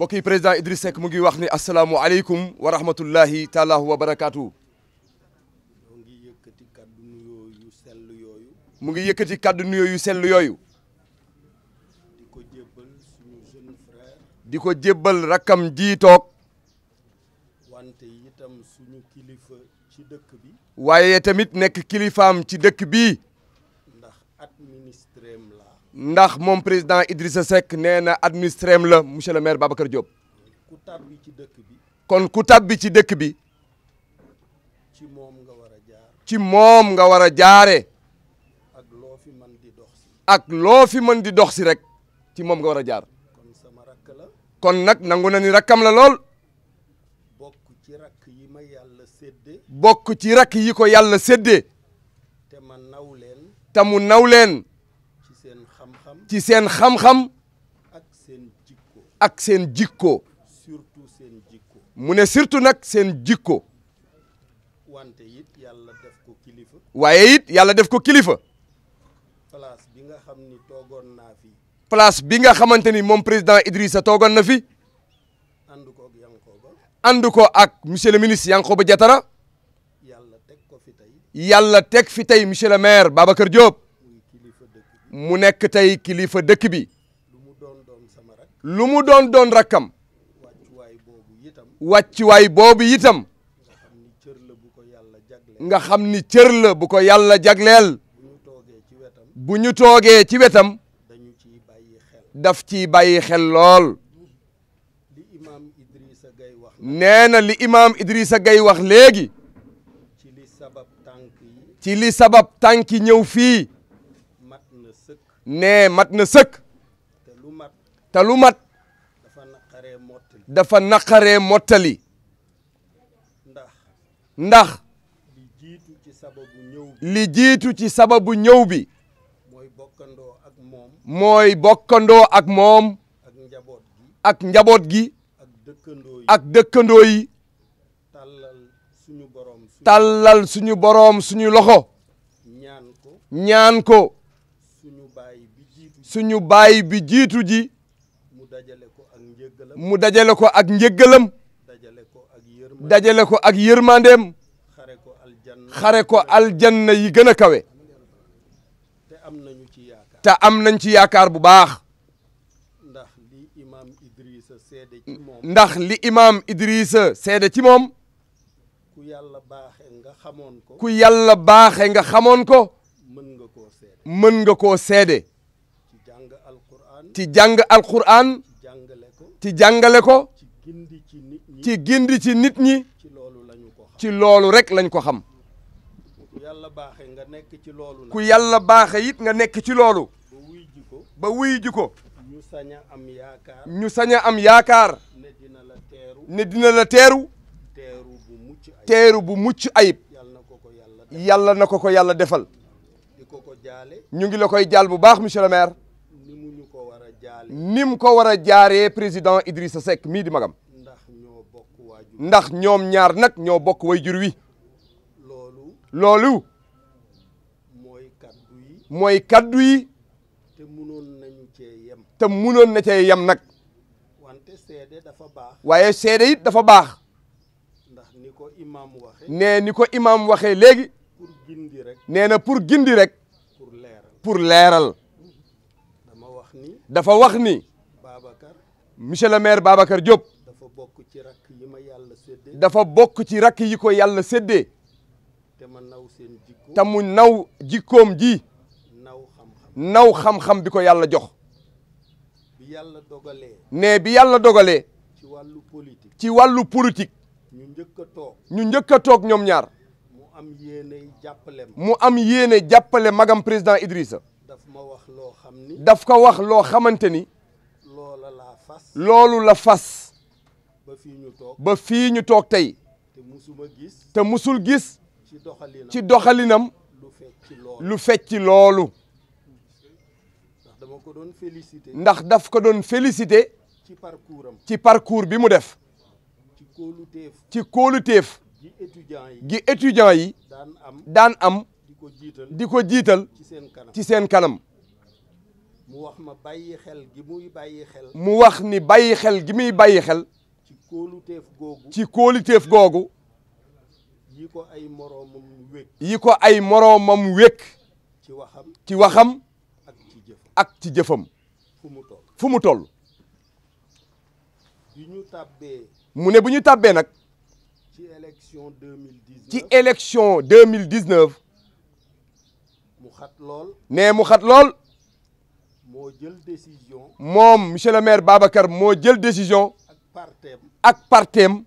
mbokk yi président Idriss Seck mu ngi wax ni asalaamualeykum wa rahmatullahi taala wa barakaatu. mu ngi yëkkati kaddu nuyoo sell yooyu. mu ngi yëkkati kaddu yooyu yu sell yooyu. di ko jébbal suñu jeune frère. di ko jébbal rakkam ji wante itam suñu kilifa ci dëkk bi. waaye tamit nekk kilifaam ci dëkk bi. ndax moom président Idrissa Seck nee na administrem la monsieur le maire Babacar Diop. ku tàbbi ci dëkk bi. kon ku tàbbi ci dëkk bi. ci moom nga war a jaar. ci moom nga war a jaare. ak loo fi mën loo fi mën di dox si rek ci moom nga war a jaar. kon sama rakk la. kon nag nangu na ni rakkam la lool. bokk ci rakk yi ma yàlla séddee. bokk ci rakk yi ko yàlla séddee. te ma naw leen. te naw leen. ci seen xam-xam ak seen jikko ak seen jikko surtout seen jikko mu ne surtout nag seen jikko wante yàlla def ko kilifa waaye it yàlla def ko kilifa place bi nga xam ni toogoon naa fi place bi nga xamante ni moom président a toogoon na fi ànd ko ak Yankoba ànd ko ak monsieur le ministre Yankoba Diatara yàlla teg ko fi tey yàlla teg fi tey monsieur le maire Babacar Diop mu nekk tey kilifa dëkk bi lu mu doon doon rakkam wàccuwaay boobu itam nga xam ni cër la bu ko yàlla jagleel bu ñu toogee ci wetam daf ciy bàyyi xel lool nee na li imaam Idrissa Gay wax léegi ci li sabab tànk yi ñëw fii nee mat na sëkk te mat te lu dafa naqaree mottali ndax li jiitu ci sababu ñëw li bi mooy bokkandoo ak moom ak ak njaboot gi ak njaboot gi ak dëkkandoo yi ak dëkkandoo suñu boroom tàllal suñu loxo ñaan ñaan ko suñu baay bi jiitu ji mu dajale ko ak njëggalam mu dajale ko ak njëggalam dajale ko ak yërmandeem xare ko aljanna xare ko aljanna yi gën a kawe te am nañu ci am nañ ci yaakaar bu baax ndax li imaam Idrissa seede ci moom ndax li imaam Idrissa seede ci moom ku yàlla baaxe nga xamoon ko ku yàlla baaxe nga xamoon ko mën nga koo nga koo seede ci jàng alquran ci jàngale ko ci gindi ci nit ñi ci loolu rek lañ ko xam ku yàlla baaxe it nga nekk ci loolu ba wuy ji ko ñu saña am yaakaar ñu sañ a am yaakaar ne dina la teeru ne dina la teeru teeru bu mucc teeru bu mucc ayib yàlla na ko ko yàlla defal ñu ngi la koy jaal bu baax monsieur le nim ko war a jaaree président Idrissa Seck mii di magam ndax ñoom ñaar nag ñoo bokk way jur wi loolu loolu mooy kaddu yi te munoon nañu cee yem te munoon na cee yem nag wante seede dafa waaye seede it dafa baax ndax ni ko imaam nee ni ko imam waxee léegi pour rek nee na pour gindi rek pour leeral pour leeral dafa wax ni Babacar monsieur le maire Babacar Diop dafa bokk ci rakk yi ma yàlla dafa bokk ci rakk yi ko yàlla séddee te naw seen jikko te mu jikkoom ji naw xam-xam naw xam-xam bi ko yàlla jox yàlla dogalee ne bi yàlla dogalee ci wàllu politique ci wàllu politique ñu njëkk a toog ñu njëkk a toog ñoom ñaar mu am yéene jàppale mu am yéene jàppale magam président Idrissa daf ko wax loo xamante ni loolu la fas ba fii ñu toog tey te musul gis ci doxalinam lu fecci loolu ndax daf ko doon félicité ci parcours bi mu def ci kóoluteef gi étudiants yi daan am di ko jiital ci seen kanam mu wax ma bàyyi xel gi muy bàyyi xel. mu wax ni bàyyi xel gi muy bàyyi xel. ci kóoluteef googu. ci kóoluteef googu. yi ko ay moroomam wékk. yi ko ay moroomam wékk. ci waxam ci waxam. ak ci jëfam fu mu toll fu mu toll. mu ne bu ñu tàbbee nag. ci élection deux mille dix ci élection deux mille dix neuf. mu xat lool. nee mu xat lool. moo jël décision. moom monsieur le Babacar moo jël décision. ak parteem ak parteem.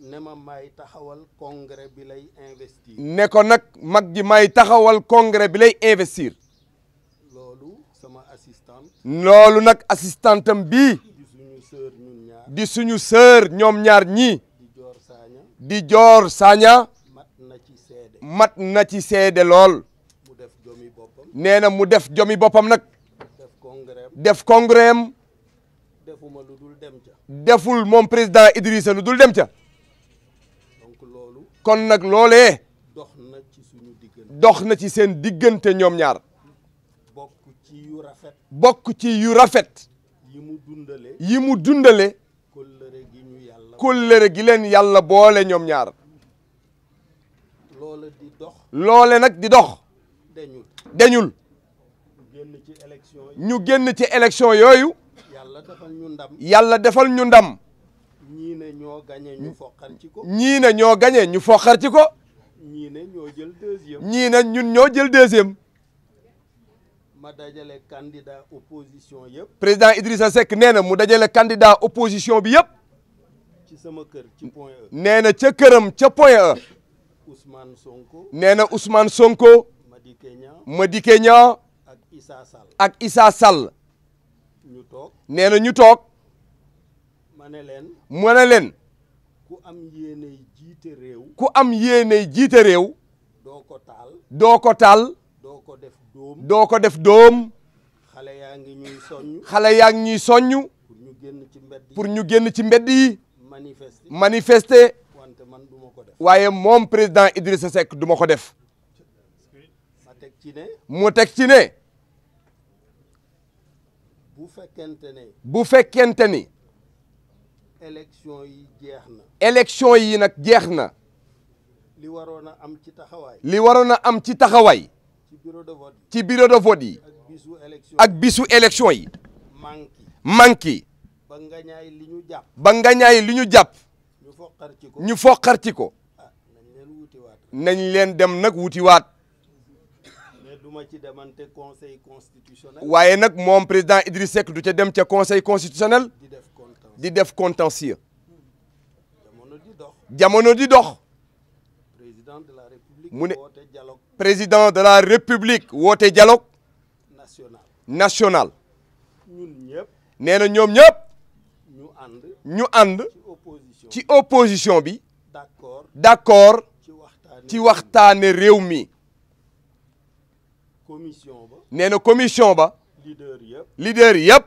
ne ma may taxawal congrès bi lay investir. ne ko nag mag ji may taxawal congrès bi lay investir. loolu sama assistante. loolu nag assistantam bi di suñu sœur ñoom ñaar ñii. di joor saaña. di joor saaña. mat na ci seede. mat lool. mu mu def jomi boppam nag. def congrès am defuma lu dul dem ca deful moom président Idrissa lu dul dem ca donc loolu kon nag loole dox na ci suñu diggante dox na ci seen diggante ñoom ñaar bokk ci yu rafet bokk ci yu rafet yi mu dundale yi mu dundale kóllëre gi ñu yàlla gi leen yàlla boole ñoom ñaar loole di dox loole nag di dox dañul ñu génn ci élection yooyu. yàlla defal ñu ndam yàlla defal ñu ndam. ñii ne ñoo gañe ñu foqar ci ko. ñii ne ñoo ñu foqar ko. ñii ne ñoo jël deuxième. ñii ne ñun ñoo jël deuxième. ma dajale candidat opposition président Idrissa Seck nee na mu dajale candidat opposition bi yëpp. ci sama kër ci e. nee na ca këram ca point E. Ousmane Sonko. nee na Sonko. Madické Niang Madické Issa Sall ak Issa Sall ñu toog nee na ñu toog ma ne leen ma ne leen ku am yéeney jiite réew ku am yéeney jiite réew doo ko taal doo doo ko def dóom doo ko def dóom xale yaa ngi ñuy soññ pour ñu génn ci mbedd yi ñu génn ci mbedd yi manifester wante man du ko def waaye moom président Idrissa Seck duma ko def ma teg ci ne mu teg ci ne fekkente ne. bu fekkente ni. élection yi jeex na. élection yi nag jeex na. li waroon a am ci taxawaay. li waroon a am ci taxawaay. ci bureau de vote yi. ci bureau yi. ak bisu élection ak bisu élection yi. manqué ba nga ñaay li ñu jàpp. ba ñu jàpp. ñu ko ñu foqarti ko. Ah, nañ leen dem nag wutiwaat. waaye nag moom président Idriss Seck du ca dem ca conseil constitutionnel di def contentieux jamono di dox mu ne président de la république woote dialogue national nee na ñoom ñëpp ñu ànd ci opposition bi d'accord ci waxtaane réew mi nee na commission ba leader yëpp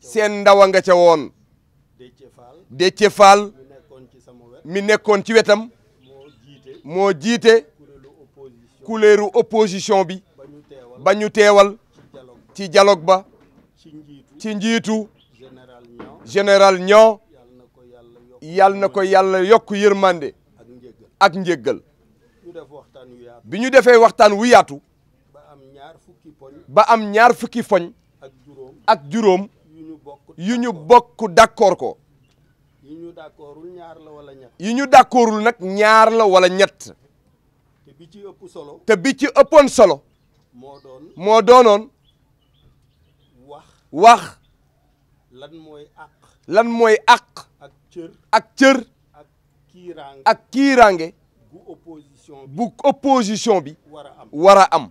seen ndawa nga ca woon Déthié Fall mi nekkoon ci wetam moo jiite kuléeru opposition bi ba ñu teewal ci jaloog ba ci njiitu général ñoo yàlla ko yàlla yokk yërmande ak njéggal bi ñu defee waxtaan wu ba am ñaar fukki foñ ak juróom yu ñu bokk d'accord ko yu ñu d'accordul ñaar nag ñaar la walla ñett te bi ci ëpp solo bi ci ëppoon solo moo doon moo doonoon wax lan mooy àq lan mooy ak cër ak cër ak kiiraange kiiraange bu opposition bi war war a am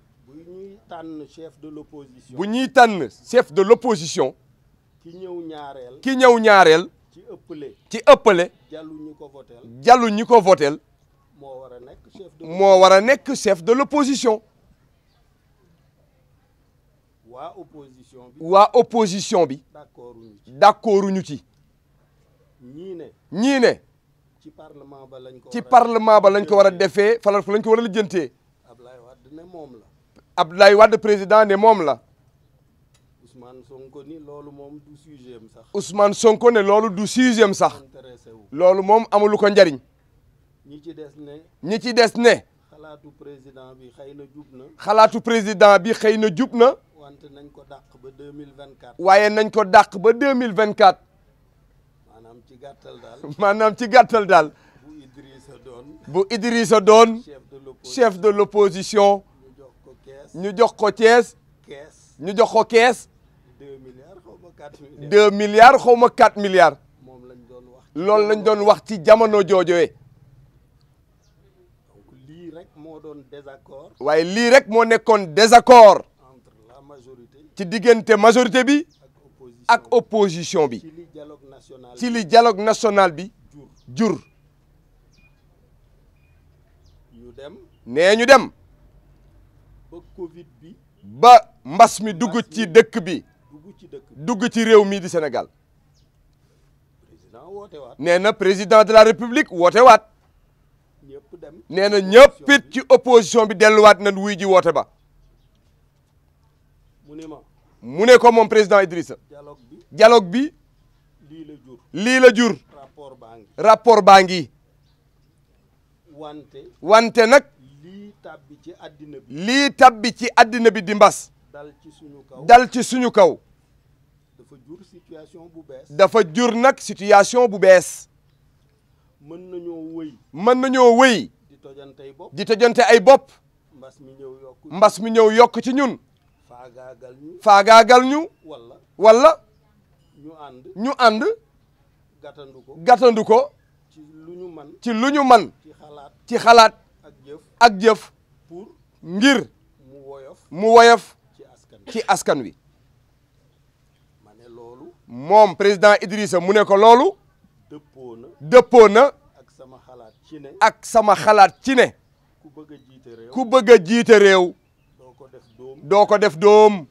tànn chef de l'opposition bu ñuy tànn chef de l'opposition ki ñëw ñaareel ki ñëw ñaareel ci ëppale ci ëppale jàllu ñu ko voteel jàllu ko voteel moo war a nekk chef de moo war a nekk chef de l'opposition waa opposition bi waa opposition bi d'accorduñu ci ñii ne ñii ne ci parlement ba lañ ko war a defee falal fu lañ ko war a lijjantee Ablaye Wade moom la Abdoulaye Wade président ne moom la. Ousmane Sonko ni loolu moom du sax. Ousmane Sonko ne loolu du sujet am sax. loolu moom amul lu ko njariñ. ñi ci des ne. ñi ci des ne. xalaatu président bi xëy na jub na. xalaatu président bi xëy na jub na. wante nañ ko dàq ba deux mille vingt quatre. waaye nañ ko dàq ba deux mille vingt quatre. maanaam ci gàttal daal. maanaam ci gàttal daal. bu Idrissa doon. bu Idrissa doon. chef de l' opposition. ñu jox ko Thiès. kees ñu jox ko kees. deux milliards xaw ma quatre milliards. deux milliards xaw ma quatre milliards. moom lañ doon wax. loolu lañ doon wax ci jamono joojoe. lii rek moo doon désaccord. waaye lii rek moo nekkoon désaccord. entre la majorité. ci diggante majorité bi. ak opposition bi. ci li dialogue national bi national bi jur. jur. dem. nee ñu dem. ba Covid bi. ba mbas mi dugg ci dëkk bi. dugg ci dugg ci réew mii di Sénégal. nee na président de la république woote waat. nee na ñëpp it ci opposition bi delluwaat nan wuy ji woote ba. mu ne ko moom président Idrissa. dialogue bi. lii la jur. rapport baa ngi. wante. wante nag. ci àddina bi lii tabbi ci àddina bi di mbas. dal ci suñu kaw dafa jur situation bu bees. dafa jur nag situation bu bees. mën nañoo wëy. mën nañoo wëy. di tojante ay bopp ay bopp. mbas mi ñëw yokk ci ñun. faagaagal ñu faagaagal ñu. ànd ñu ànd. gàttandu ko ci lu ñu man ci xalaat ci ak jëf. ngir mu woyof ci askan wi moom président Idrissa mu ne ko loolu dëppoo na ak sama xalaat ci ne ak sama xalaat ci ne ku bëgg jiite réew doo ko def doom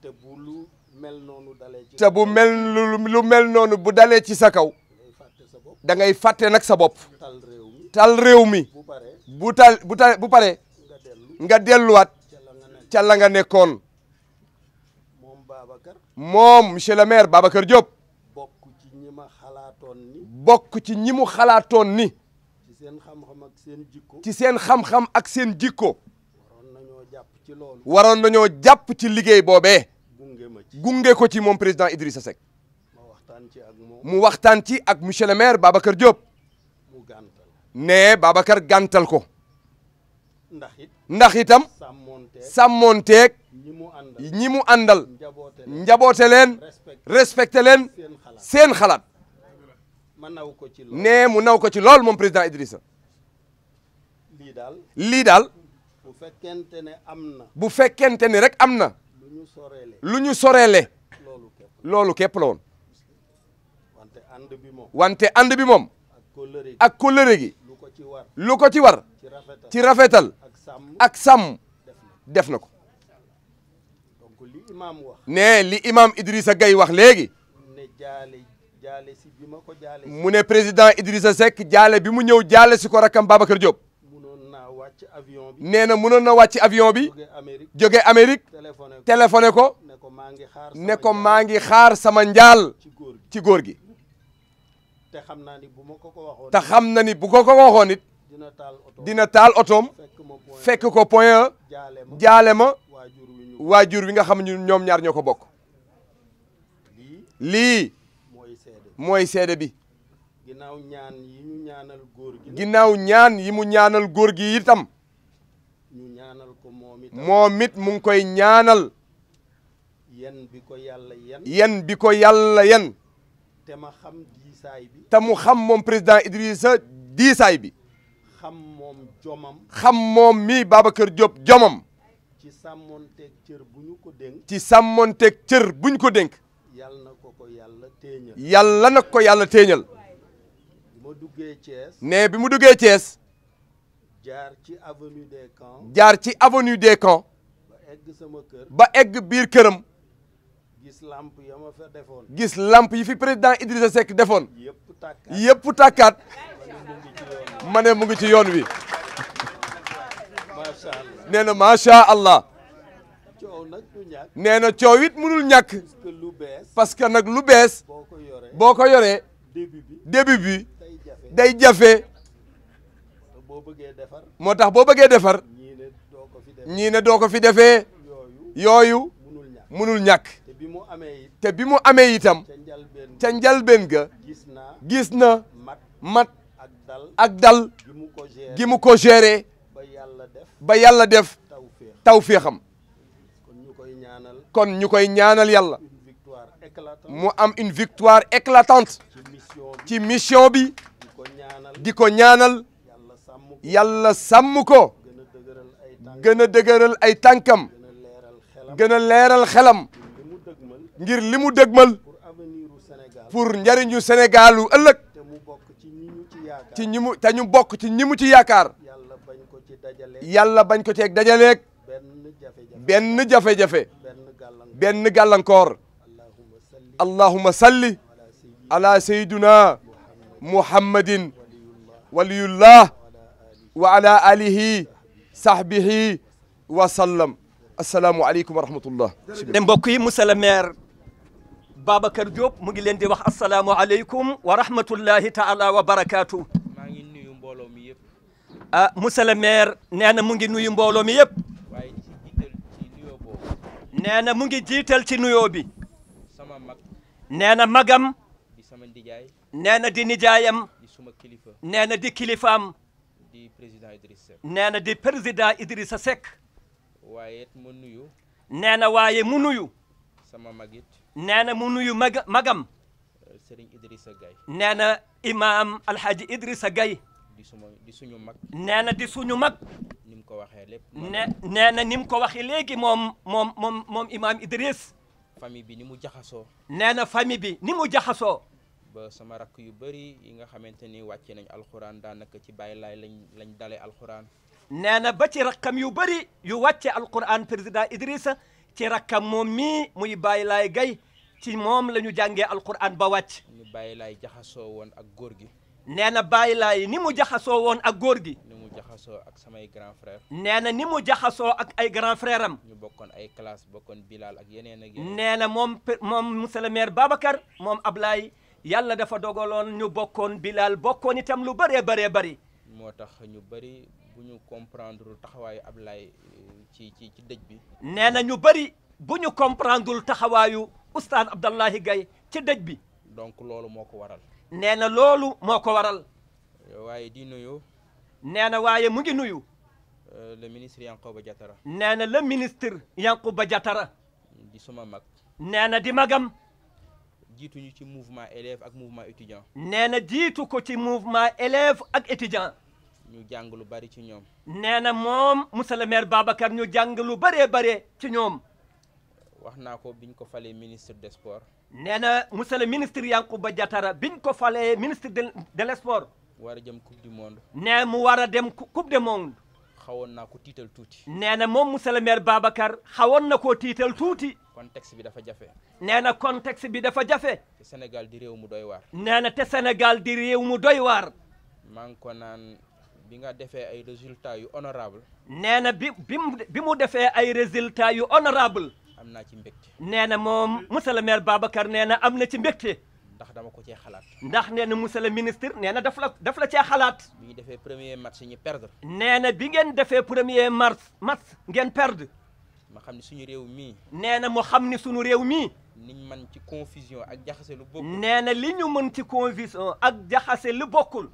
te bu lu mel noonu dalee ci bu mel noonu bu dalee ci sa kaw da ngay fàtte nag sa bopp tal réew mi bu tal bu tal bu pare nga delluwaat ca la nga nekkoon moom monsieur le maire Babacar Diop bokk ci bokk ci ñi mu xalaatoon ni ci seen xam-xam ak seen jikko ci seen xam ak seen jikko waroon nañoo jàpp ci loolu waroon nañoo jàpp ci liggéey boobee gunge ma ci gunge ko ci moom président Idrissa Seck mu waxtaan ci ak monsieur le maire Babacar Diop ne Babacar gàntal ko ndax itam sàmmoonteeg ñi mu àndal njaboote leen respecté leen seen xalaat nee mu naw ko ci lool moom président Idrissa lii daal bu fekkente ne am na bu fekkente ne rek am na lu ñu soreele loolu képp la woon wante ànd bi moom ak kóllëre gi lu ko ci war ci rafetal ak sàmm def na ko ne li imam Idrissa gay wax léegi mu ne président Idrissa Seck jaale bi mu ñëw jaale si ko rakkam Babacar Diop nee na mënoon na wàcc avion bi jóge Amérique téléphoné ko ne ko maa ngi xaar sama njaal ci góor gi te xam naa ni bu ma ko ko waxoon xam na ni bu ko ko waxoon it dina taal otoom dina taal otoom fekk ko point jaale ma waajur wi nga xam ñu ñoom ñaar ñoo ko bokk lii mooy seede bi ginnaaw ñaan yi mu ñaanal góor gi ginnaaw ñaan yi mu ñaanal góor gi itam ñu ñaanal ko mu koy ñaanal yen bi ko yàlla yen te ma xam diisaay bi te mu xam moom président Idrissa diisaay bi xam moom jomam xam moom mii kër Diop jomam ci sàmmonteeg cër bu ñu ko dénk ci sàmmonteeg cër bu ko dénk yàlla na ko ko yàlla téeñal yàlla na ko yàlla téeñal bi mu duggee Thiès ne bi mu duggee Thiès jaar ci avenue de camps jaar ci avenue de camps ba egg sama kër ba egg biir këram gis lamp ya ma fa defoon gis lamp yi fi président Idrissa Seck defoon yëpp tàkkaat ma ne mu ngi ci yoon wi nee na macha allah nee na coow it mënul ñàkk parce que nag lu bees boo ko yoree début bi day jafe moo tax boo bëggee defar ñii ne doo ko fi defee yooyu. mënul ñàkk te bi mu amee itam ca njalbeen ga gis na mat ak dal gi mu ko géré ba yàlla def tawféexam kon ñu koy ñaanal yàlla mu am une victoire éclatante ci mission bi di ko ñaanal yàlla sàmm ko gën a dëgëral ay tànkam gën a leeral xelam ngir li mu dëgmal pour njariñu Sénégalu ëllëg ci ñi mu te bokk ci ñi mu ci yaakaar yàlla bañ ko ceeg dajaleeg benn jafe-jafe benn gàllankoor allahumma salli ala sayyiduna muhammadin waliyullah wa ala alihi sahbihi wa sallam asalaamualeykum wa rahmatullah. jërëjëf mbokk yi monsieur le maire Babacar Diop mu ngi leen di wax asalaamualeykum wa rahmatullahi taala wa barakaatu. maa ngi nuyu mbooloo mi yëpp. ah monsieur le maire nee na mu ngi nuyu mbooloo mi yëpp. waaye ci jiital ci nuyoo boobu. nee na mu ngi jiital ci nuyoo bi. sama mag. nee na magam. di sama nijaay. nee na di nijaayam. di suma kilifa. nee na di kilifaam. di président Idrissa Seck. nee na di président Idrissa Seck. waaye it mu nuyu. nee na waaye mu nuyu. sama magit nee na mu nuyu mag magam. Uh, Serigne Idrissa Gaye. nee na imaam Alhaji Idrissa Gaye. di suma di suñu mag. nee na di suñu mag. ni ko waxee lépp. nee nee na ni ko waxee léegi moom moom moom moom imaam Idriss. famille bi ni mu jaxasoo. nee na famille bi ni mu jaxasoo. ba sama rakk yu bëri yi nga xamante ni wàcce nañ alxuraan daanaka ci bàyyi laay lañ lañ dalee alxuraan. nee na ba ci rakkam yu bëri yu wàcce alquran président Idrissa ci rakkam moom mii muy bàyyi laay gay ci moom la ñu jàngee alquran ba wàcc. ni bàyyi laay jaxasoo woon ak góor gi. nee na bàyyi laay ni mu jaxasoo woon ak góor gi. ni mu jaxasoo ak samay grand frère. nee na ni mu jaxasoo ak ay grand frère am. ñu bokkoon ay classe bokkoon Bilal ak yeneen ak yeneen. nee na moom moom monsieur le maire Babacar moom Ablaye yàlla dafa dogaloon ñu bokkoon Bilal bokkoon itam lu bëree bëree bëri. moo tax ñu bëri. bu ñu comprendre taxawaayu Ablaye euh, ci ci ci dëj bi. nee na ñu bëri bu ñu comprendre taxawaayu oustaz Abdallahi gay ci dëj bi. donc loolu moo ko waral. nee na loolu moo ko waral. Euh, waaye di nuyu. nee na waaye mu ngi nuyu. Euh, le ministre Yankhoba Diattara. nee na le ministre Yankhoba Diattara. di suma mag. nee na di magam. jiituñu ci mouvement élève ak mouvement étudiant. nee jiitu ko ci mouvement élève ak étudiant. ñu jàng lu bari ci ñoom. nee na moom monsieur le maire Babacar ñu jàng lu bëree bëree ci ñoom. wax naa ko biñ ko falee ministre des sports. nee na monsieur le ministre Yankhoba Diattara biñ ko falee ministre de de l' war a jëm coupe du monde. nee mu war a dem coupe du monde. xawoon naa ko tiital tuuti. nee na moom monsieur le maire Babacar xawoon na koo tiital tuuti. contexte bi dafa jafe. nee na contexte bi dafa jafe. te Sénégal di réew mu doy waar. nee na te Sénégal di réew mu doy waar. bi nga defee ay résultats yu honorable nee na bi bi mu bi mu defee ay résultat yu honorable am naa ci mbégte. nee na moom monsieur le maire Babacar nee na am na ci mbégte. ndax dama ko cee xalaat. ndax nee na monsieur le ministre nee na daf la daf la cee xalaat. bi ñu defee premier match ñu perdre. nee na bi ngeen defee premier mars match ngeen perdre. moo xam ne suñu réew mii. nee na mu xam ni suñu réew mii. niñ mën ci confusion ak jaxase lu nee na li ñu mën ci confusion ak jaxase lu bokkul.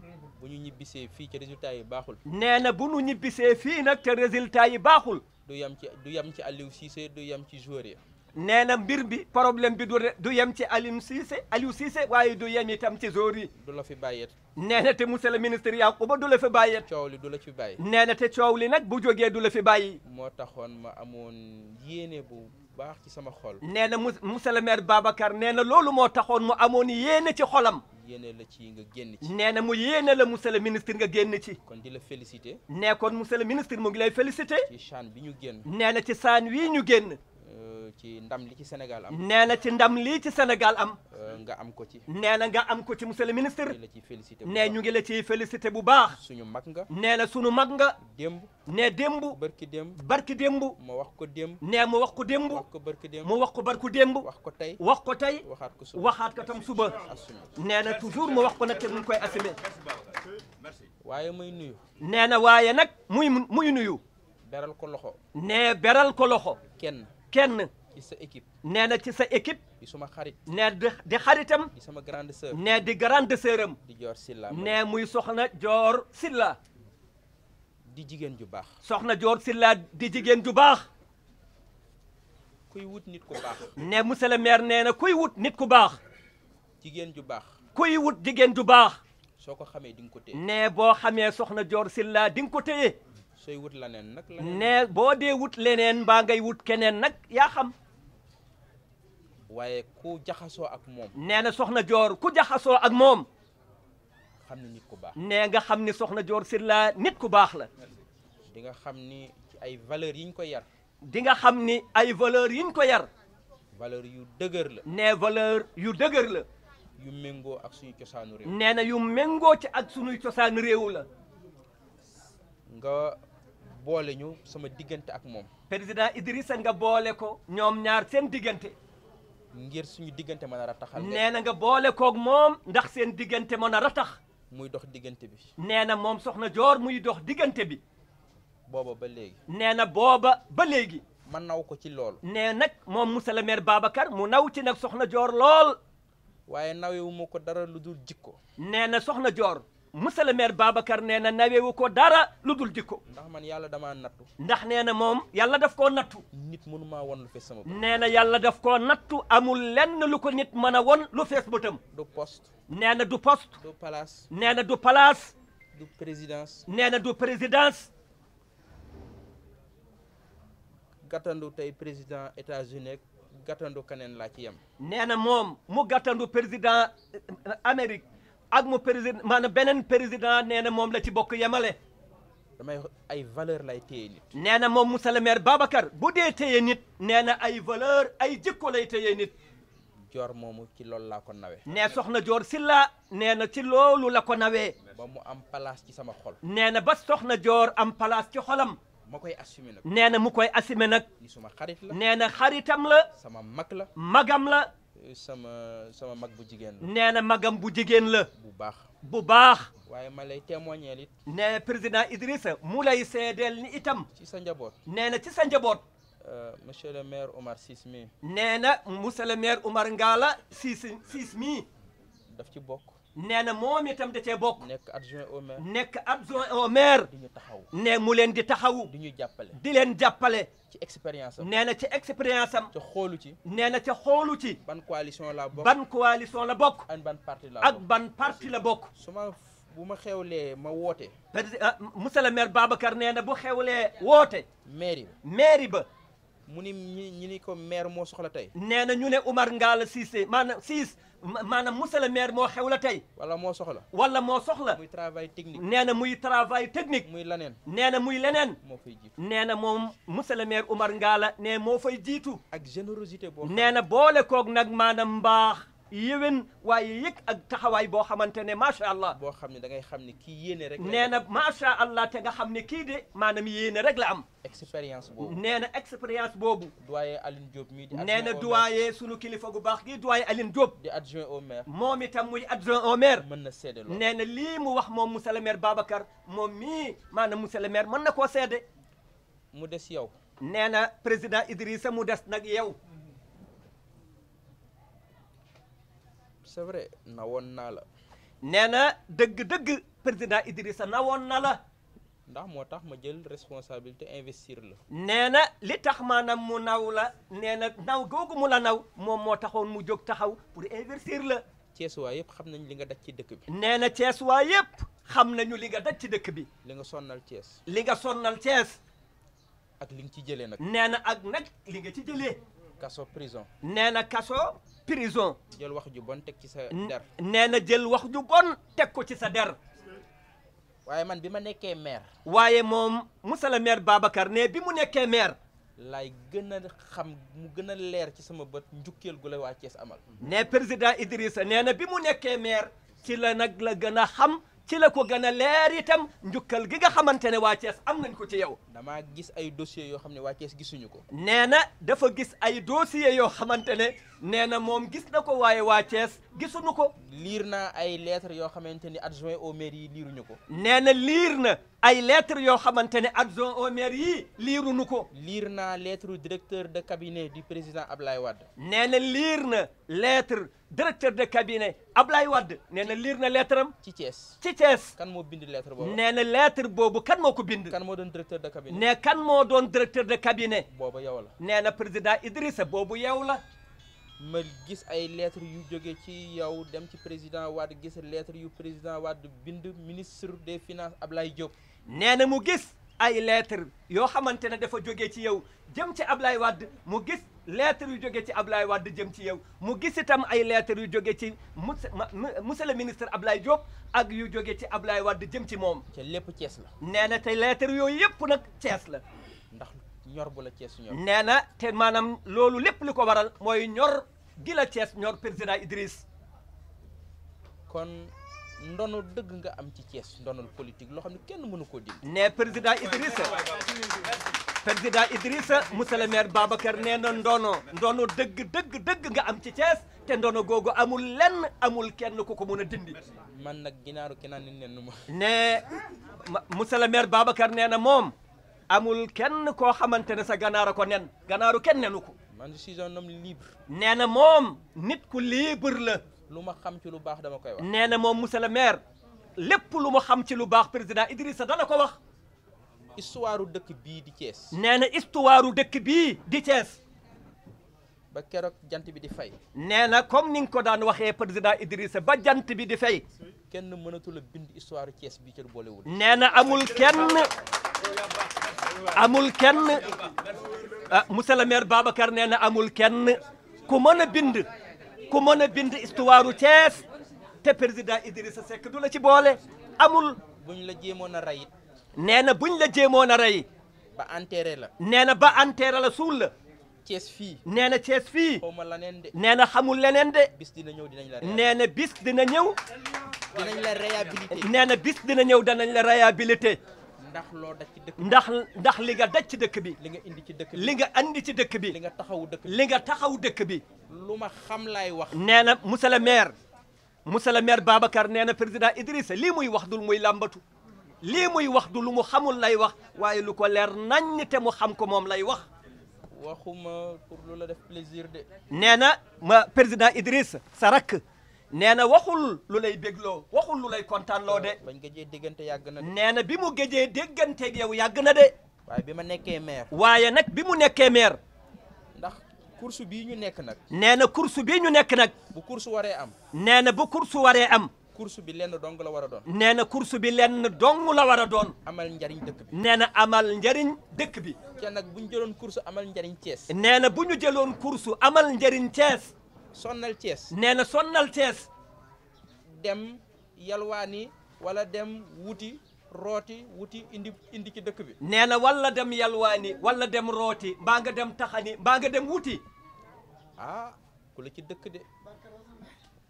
bu ñu ñibbisee fii ca résultat yi baaxul. nee na bu ñu ñibbisee fii nag ca résultat yi baaxul. du yem ci du yem ci Aliou Cissé du yem ci joueur yi. nee na mbir bi problème bi du du yem ci Aliou Cissé Aliou Cissé waaye du yem itam ci joueur yi. du la fi bàyyeet. nee na te monsieur le ministre Yankhoba du la fi bàyyeet. coow du la fi bàyyi. nee na te coow li nag bu jogee du la fi bàyyi. moo taxoon ma amoon yéene bu. baax ci sama xol. nee na monsieur le maire Babacar nee na loolu moo taxoon mu amoon yéene ci xolam. yéene la ci nga génn ci. nee na mu yéene la monsieur le ministre nga génn ci. kon di la félicité. nekkoon kon monsieur le ministre mu ngi lay félicité. ci saan bi ñu génn. nee na ci saan wii ñu génn. ci ndam li ci Sénégal am. nee na ci ndam lii ci Sénégal am. Euh, nga am ko ci. nee na nga am ko ci monsieur le ministre. nee ñu ngi la ciy félicité bu baax. suñu mag nga. nee na suñu mag nga. démb. nee démb. barki démb. barki demb moo wax ko démb. nee mu wax ko démb. wax ko barki démb. mu wax ko barku démb. wax ko tey. wax ko tey. waxaat ko suba waxaat ko tam suba. nee na toujours mu wax ko nag te mu ngi koy assumé. waaye muy nuyu. nee na waaye nag muy muy nuyu. beral ko loxo. nee kenn. ci sa équipe. nee na ci sa équipe. di suma xarit. nee di xaritam. di sama grande nee di grande sœuram. di Dior Silla. nee muy soxna joor Silla. di jigéen ju baax. soxna joor Silla di jigéen ju baax. kuy wut nit ku nee monsieur le maire nee na kuy wut nit ku baax. jigéen ju baax. kuy wut jigéen ju baax. soo ko xamee di nga ko téye. nee boo xamee soxna joor sillaa di nga ko téye. sooy wut leneen nag. ne boo dee wut leneen baa ngay wut keneen nag yaa xam. waaye ku jaxasoo ak moom. nee na soxna joor ku jaxasoo ak moom. xam ni nit nga xam ni soxna joor sir la nit ku baax la. di nga xam ni ci ay valeurs yiñ ko yar. di nga xam ni ay valeurs yiñ ko yar. valeur yu dëgër la. nee valeur yu dëgër la. yu méngoo ak suñu cosaanu réew. nee na yu méngoo ci ak suñuy cosaanu réew la. boole ñu sama diggante ak moom. président Idrissa nga boole ko. ñoom ñaar seen diggante. ngir suñu diggante mën a rataxal. nee na nga boole kook moom. ndax seen diggante mën a ratax. muy dox diggante bi. nee na moom soxna Joor muy dox diggante bi. booba ba léegi. nee na booba ba léegi. ma naw ko ci lool. nee nag moom monsieur le maire mu naw ci nag soxna Joor lool. waaye nawewu ma ko dara lu dul jikko. nee na soxna Joor. monsieur le maire Babacar nee na nawewu ko dara lu dul jikko ndax man yàlla damaa nattu ndax nee na moom yàlla def koo nattu nit mënu maa won lu fees sama bët nee na yàlla def koo nattu amul lenn lu ko nit mën a won lu fees bëtam du poste nee na du poste du palace nee du palace du présidence nee du présidence gàttandu tey président États-Unis gàttandu keneen laa ci yem nee na moom mu gàttandu président euh, euh, Amérique ak mu président maanaam beneen président nee na moom la ci bokk yemale. damay ay valeur lay téye nee na moom mu le maire Babacar bu dee téye nit nee na ay valeur ay jikko lay téye nit. joor moomu ci loolu laa ko nawee. nee soxna joor si la nee na ci loolu la ko nawee. ba am place ci sama xol. nee na ba soxna joor am place ci xolam. ma koy assumé nag. nee na mu koy assumé nag. suma xarit la. nee na xaritam la. sama mag la. magam la. sama sama mag bu jigéen la. nee na magam bu jigéen la. bu baax bu baax. waaye ma lay témoigner it. nee président Idrissa mu lay seedeel ni itam. ci sa njaboot. nee na ci sa njaboot. Euh, monsieur le maire Omar Ciss mi. nee na monsieur le maire Omar Ngalla Ciss Ciss mi. daf ci bokk. nee na moom itam da cee bokk. nekk adjoint au maire. nekk adjoint au maire. ñu taxaw ne mu leen di taxawu. di ñu jàppale di leen jàppale. ci expérience am nee na ci expérience am. xoolu ci. nee na ca xoolu ci. ban coalition la bokk ban coalition la bokk. ak ban parti la bokk ak ban parti la bokk. su ma bu ma xewlee ma woote. président euh, monsieur le maire Babacar nee na bu xewlee woote. mairie ba mairie ba. mu ni ñi ni ko maire moo soxla tey nee na ñu ne Oumar Ngalla Cissé maanaam siis maanaam monsieur le maire moo xew la tey wala moo soxla wala moo soxla muy travail technique nee na muy travail technique muy leneen nee na muy leneen moo fay jiitu nee na moom monsieur le maire Oumar Ngalla ne moo fay jiitu ak générosité boo nee na boole kook nag maanaam mbaax yéwén waaye yëg ak taxawaay boo xamante ne macha allah. boo xam ne da xam ne kii yéene rek. nee na macha allah te nga xam ne kii de maanaam yéene rek la am. expérience boobu nee na expérience boobu. doyen Aline Diop mii di. nee na sunu kilifa gu baax gi doyen Aline Diop. di adjoint au maire. moom itam muy adjoint au maire. mën na seede nee na lii mu wax moom monsieur le Babacar moom mii maanaam monsieur le maire mën na koo seede. mu des yow. nee na président Idrissa mu des nag yow. c'est vrai nawoon naa la. nee na dëgg-dëgg président Idrissa nawoon na la. ndax moo tax ma jël responsabilité investir la. nee na li tax maanaam mu naw la nee na naw googu mu la naw moom moo taxoon mu jóg taxaw pour investir la. Cees waa yëpp xam nañu li nga daj ci dëkk bi. nee na Cees waa yëpp xam nañu li nga daj ci dëkk bi. li nga sonnal Cees. li nga sonnal Cees. ak li nga ci jëlee nag. nee na ak nag li nga ci jëlee. kaso prison. nee na kaso. prison. jël wax ju bon teg ci sa der. nee na jël wax ju bon teg ko ci sa der. waaye man bi ma nekkee maire. waaye moom musala le maire nee bi mu nekkee maire. laay gën a xam mu gën a leer ci sama bët njukkeel gu la waa Thiès amal. ne président Idrissa nee na bi mu nekkee maire ci la nag la gën a xam ci la ko gën a leer itam njukkal gi nga xamante ne waa Thiès am nañ ko ci yow. dama gis ay dossiers yoo xam ne waa Thiès gisuñu ko. nee dafa gis ay dossiers yoo xamante ne. nee na moom gis na ko waaye waa Thiès gisuñu ko. liir na ay lettres yoo xamante ni adjoint au maire yi liiruñu ko. nee na liir na ay lettres yoo xamante ne adjoint au maire yi liiruñu ko. liir naa lettre directeur de cabinet du président Ablaye Wade. nee na liir na lettre directeur de cabinet Ablaye Wade nee na liir na lettre am. ci Thiès ci Thiès. kan moo bind lettre boobu. nee na lettre boobu kan moo ko bind. kan moo doon directeur de cabinet. nee kan moo doon directeur de boobu yow la nee na président Idrissa boobu yow la. ma gis ay lettres yu jóge ci yow dem ci président Wade gis lettres yu président Wade bind ministre des finances Ablaye Diop. nee na mu gis ay lettres yoo xamante ne dafa jóge ci yow jëm ci Ablaye Wade mu gis lettres yu jóge ci Ablaye Wade jëm ci yow mu gis itam ay lettres yu jóge ci monsieur le ministre Ablaye Diop ak yu jóge ci Ablaye Wade jëm ci moom. te lépp Cees la. nee na te lettres yooyu yëpp nag Cees la. ndax ñor bu la Cees ñor. nee na te maanaam loolu lépp li ko waral mooy ñor. gi la Thiès ñor président Idriss. kon ndono dëgg nga am ci Thiès ndonol politique loo xam ne kenn mënu koo dindi. ne président Idriss président Idriss monsieur le maire Babacar nee na ndono ndono dëgg dëgg dëgg nga am ci Thiès te ndono googu amul lenn amul kenn ku ko mën a dindi. man nag ginaaru ki naan ne ma. ne monsieur le maire Babacar nee na moom amul kenn koo xamante ne sa ganaara ko nen ganaaru kenn nenu ko. man je suis un homme nee na moom nit ku libre la. lu ma xam ci lu baax dama koy wax. nee na moom monsieur le maire lépp lu ma xam ci lu baax président Idrissa dana ko wax. histoire dëkk bii di Thiès. nee na histoire dëkk bii di Thiès. ba keroog jant bi di fay. nee na comme ni nga ko daan waxee président Idrissa ba jant bi di fay. kenn mënatul a bind histoire Thiès bii ci boolewul. nee na amul kenn amul kenn. ah monsieur le maire Babacar nee na amul kenn ku mën a bind ku mën a bind histoire u Thiès te président Idrissa Seck du la ci boole amul. buñ la jéemoon a rey nee na buñ la jéemoon a rey. ba enterré la. nee na ba enterré la suul la. fii. nee na Thiès fii. xaw ma leneen de. nee na xamul leneen de. bis dina ñëw dinañ la. nee na bis dina ñëw. dinañ la réhabilité. nee na bis dina ñëw danañ la réhabilité. ndax loo daj ci dëkk bi ndax ndax li daj ci dëkk bi. li nga indi ci dëkk li nga andi ci dëkk bi. li nga taxawu li nga taxawu dëkk bi. lu ma xam laay wax. nee na monsieur le maire monsieur le maire Babacar nee na président Idrissa lii muy wax dul muy làmbatu lii muy wax du mu xamul lay wax waaye lu ko leer naññ te mu xam ko moom lay wax. waxuma pour lu la def plaisir de. nee na ma président Idriss sa rakk. nee na waxul lu lay bégloo waxul lu lay kontaanloo de. bañ gëjee déggante yàgg na de. nee na bi mu gëjee dégganteeg yow yàgg na de. waaye bi ma nekkee maire. waaye nag bi mu nekkee maire. ndax course bii ñu nekk nag. nee na course bii ñu nekk nag. bu course waree am. nee na bu course waree am. course bi lenn dong la war a doon. nee na course bi lenn dong la war a doon. amal njariñ dëkk bi. nee na amal njariñ dëkk bi. te nag bu ñu jëloon course amal njariñ Thiès. nee na bu ñu jëloon course amal njariñ Thiès. sonnal Thiès. nee na sonnal Thiès. dem yalwaani wala dem wuti rooti wuti indi indi ci dëkk bi. nee na wala dem yalwaani wala dem rooti baa nga dem taxani baa nga dem wuti. ah ku la ci dëkk de.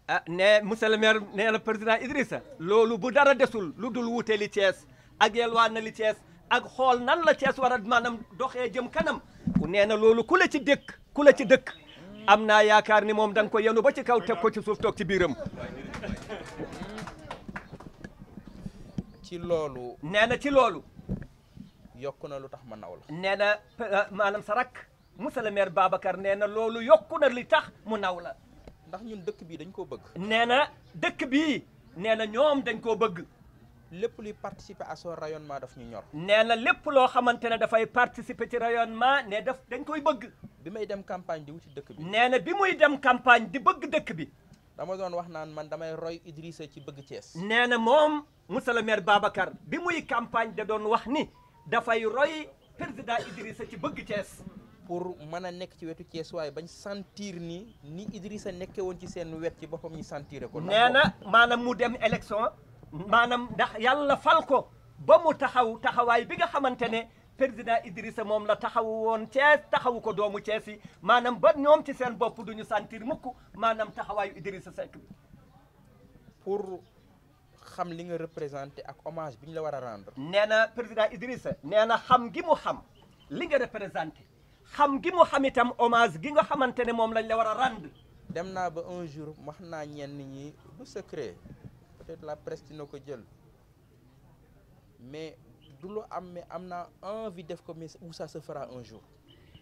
Ah, nee monsieur le maire nee na président Idrissa loolu bu dara desul lu dul wute li Thiès ak yalwaana li Thiès ak xool nan la Thiès war a maanaam doxee jëm kanam nee na loolu ku la ci dëkk ku la ci dëkk. am naa yaakaar ni moom danga ko yenu ba ci kaw teg ko ci suuf toog ci biiram. ci loolu. nee ci loolu. yokku na lu tax ma naw la. nee na euh, maanaam sa rakk Moussa le nee na loolu yokku na li tax mu naw la. ndax ñun dëkk bii dañ koo bëgg. nee na dëkk bii nee na ñoom dañ koo bëgg. lépp luy participer à son rayonnement daf ñu ñor. nee na lépp loo xamante ne dafay participer ci rayonnement ne daf dañ koy bëgg. bi may dem campagne di wuti dëkk bi. nee na bi muy dem campagne di bëgg dëkk bi. dama doon wax naan man damay roy Idrissa ci bëgg Thiès. nee na moom monsieur le maire Babacar bi muy campagne da doon wax ni dafay roy président Idrissa ci bëgg Thiès. pour mën a nekk ci wetu Thiès waaye bañ sentir ni ni Idrissa nekkee woon ci seen wet ci boppam ñu sentir ko. nee na maanaam mu dem élection. maanaam ndax yàlla fal ko ba mu taxaw taxawaay bi nga xamante ne président Idrissa moom la taxaw woon Thiès taxawu ko doomu Thiès yi maanaam ba ñoom ci seen boppu bopp duñu sentir mukk maanaam taxawaayu Idrissa Seck pour xam li nga représenté ak hommage bi ñu la war a rendre nee na président Idrissa nee na xam gi mu xam li nga représenté xam ngi mu xam itam omage gi nga xamante ne moom lañ la war a rendre dem naa ba un jour wax naa ñenn ñi bu secret peut-être la presse dina ko jël mais du lu am mais am naa envie def ko mais où ça se fera un jour.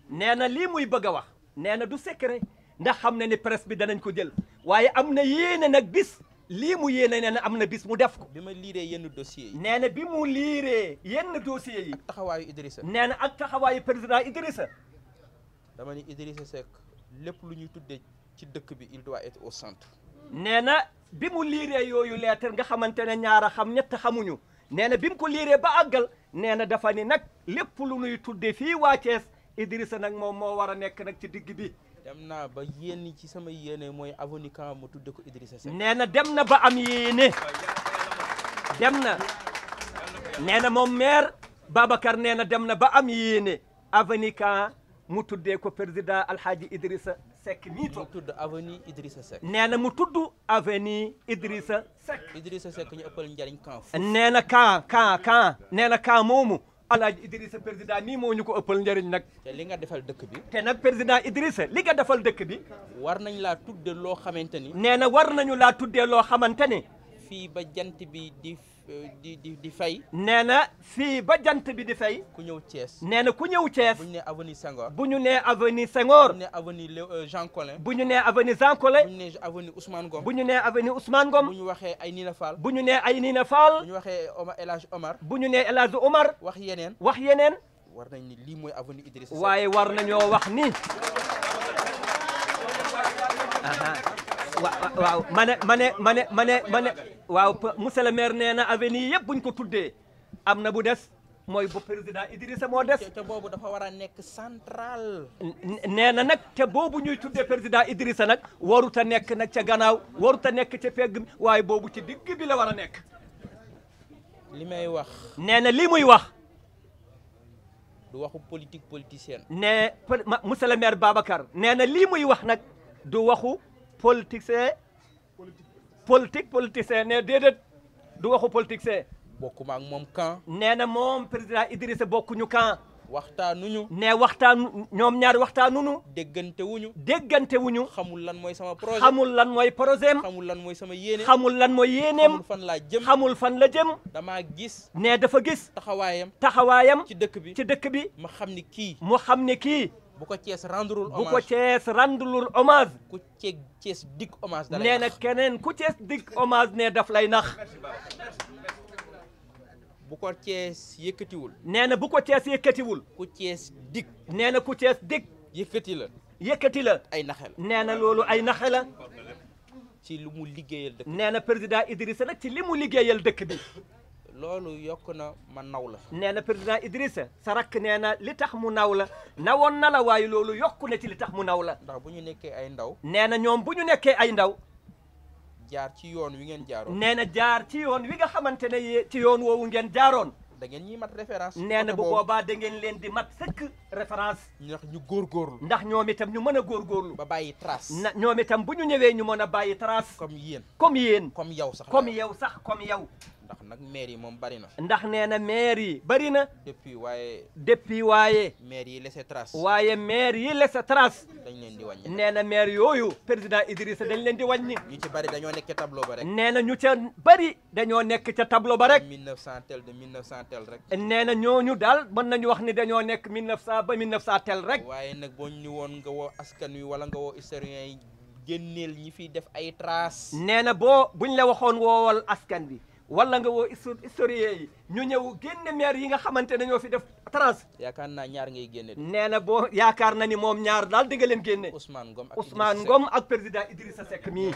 nee na lii muy bëgg a wax nee na du secret ndax xam na ni presse bi danañ ko jël waaye am na yéene nag bis lii mu yéene nee na am na bis mu def ko. bi ma liiree yenn dossiers yi. nee na bi mu liiree yenn dossiers yi. ak taxawaayu Idrissa. nee na ak taxawaayu président Idrissa. dama ni Idrissa Seck lépp lu ñuy tuddee ci dëkk bi il doit être au centre. nee bi mu liiree yooyu leetar nga xamante ne ñaar a xam ñett xamuñu nee na bi mu ko liiree ba àggal nee na dafa ni nag lépp lu nuy tudde fii waa Thiès Idrissa nag moom moo war a nekk nag ci digg bi dem naa ba yéen ci sama yéene mooy avenue Caen ma tudde ko Idrissa Seck nee na dem na ba am yéene dem na nee na moom maire Babacar nee na dem na ba am yéene avenue Caen mu tuddee ko président Alhaji Idrissa Seck mii toog mu tudd avenue Idrissa Seck. nee na mu tudd avenue Idrissa Seck. Idrissa Seck ñu ëppal njariñ Kanf. nee na Kan Kan Kan nee na Kan moomu. Alaaji Idrissa président nii moo ñu ko ëppal njëriñ nag. te li nga defal dëkk bi. te nag président Idrissa li nga defal dëkk bi. war nañ laa tudde loo xamante ni. nee na war nañu laa tuddee loo xamante ni. fii ba jant bi di. di di di fay. nee na fii ba jant bi di fay. ku ñëw cees nee na ku ñëw Thiès. bu ñu nee avenue Senghor. bu ñu nee avenue Senghor. bu ñu nee avenue Jean Collin. bu ñu nee avenue Jean Collin. bu ñu nee avenue Ousmane Ngom. bu ñu nee avenue Ousmane Ngom. bu ñu waxee ay Nina Fall. bu ñu nee ay Nina Fall. bu ñu waxee El Hadj bu ñu nee El Hadj Omar. wax yeneen. wax yeneen. war nañ ni lii mooy avenue Idrissa waaye war nañoo wax ni. waaw waaw ma waaw monsieur le maire nee na avenue yëpp buñ ko tuddee am na bu des mooy bu président Idrissa moo des. te boobu dafa war a nekk central. nee na nag te boobu ñuy tuddee président Idrissa nag waru a nekk nag ca gannaaw warut a nekk ca pegg waaye boobu ci digg bi la war a nekk. li may wax. nee na li muy wax. du waxu politique politicienne. nee ma monsieur le maire Babacar nee na lii muy wax nag du waxu politique. politique politicien ne déedéet du waxu politicien. bokkuma ak moom camp. nee na moom président Idrissa bokkuñu camp. ñu ne waxtaan ñoom ñaar wu déggante wuñu. déggante wuñu. xamul lan mooy sama projet xamul lan mooy projet am. xamul lan mooy sama yéene. xamul lan mooy yéeneem. fan laa jëm. xamul fan la jëm. dama gis. ne dafa gis. taxawaayam. taxawaayam. ci dëkk bi ci dëkk bi. ma xam ni kii. mu xam ni kii. bu ko Thiès rendrul hommage bu ko Thiès rendrul hommage. ku ceeg dikk hommage. da nee na keneen ku Thiès dikk hommage ne daf lay nax. bu ko Thiès yëkkatiwul. nee na bu ko Thiès yëkkatiwul. ku Thiès dikk. nee na ku Thiès dikk. la. yëkkati la. ay naxe la nee na loolu ay naxe ci li mu liggéeyal nee na président Idrissa nag ci li mu liggéeyal dëkk bi. loolu yokk na ma naw la nee na président Idrissa sa rakk nee na li tax mu naw la nawoon na la waaye loolu yokk na ci li tax mu naw la ndax bu ñu nekkee ay ndaw nee na ñoom bu ñu nekkee ay ndaw jaar ci yoon wi ngeen jaaroon nee na jaar ci yoon wi nga xamante ne ci yoon woowu ngeen jaaroon da ngeen ñuy mat référence nee na bu boobaa da ngeen leen di mat sëkk référence ndax ñu góor góorgóorlu ndax ñoom itam ñu mën a góor góorlu ba bàyyi tras na ñoom itam bu ñu ñëwee ñu mën a bàyyi trace comme yéen comme yéen comme yow sax comme yow sax comme yow ndax nag maire yi moom bari na. ndax nee na maire yi bari na. depuis waaye. depuis waaye. maire yi laissé trace. waaye maire yi laissé trace. dañ leen di wàññi nee na maire yooyu président Idrissa dañ leen di wàññi. ñu ci bari dañoo nekk ca tableau ba rek. nee na ñu ca bari dañoo nekk ca tableau ba rek. 1900 tel de 1900 tel rek. nee na ñooñu daal mën nañu wax ni dañoo nekk 1900 ba 1900 tel rek. waaye nag boo ñu woon nga woo askan wi wala nga woo historien yi génneel ñi fiy def ay trace. nee na boo ñu la waxoon woowal askan wi. wala nga woo historien yi ñu ñëw génne maire yi nga xamante ne ñoo fi def trans. yaakaar naa ñaar ngay génne. nee na boo yaakaar na ni moom ñaar daal di nga leen génne. Ousmane Ngom ak Ousmane Ngom ak président Idrissa Seck mii.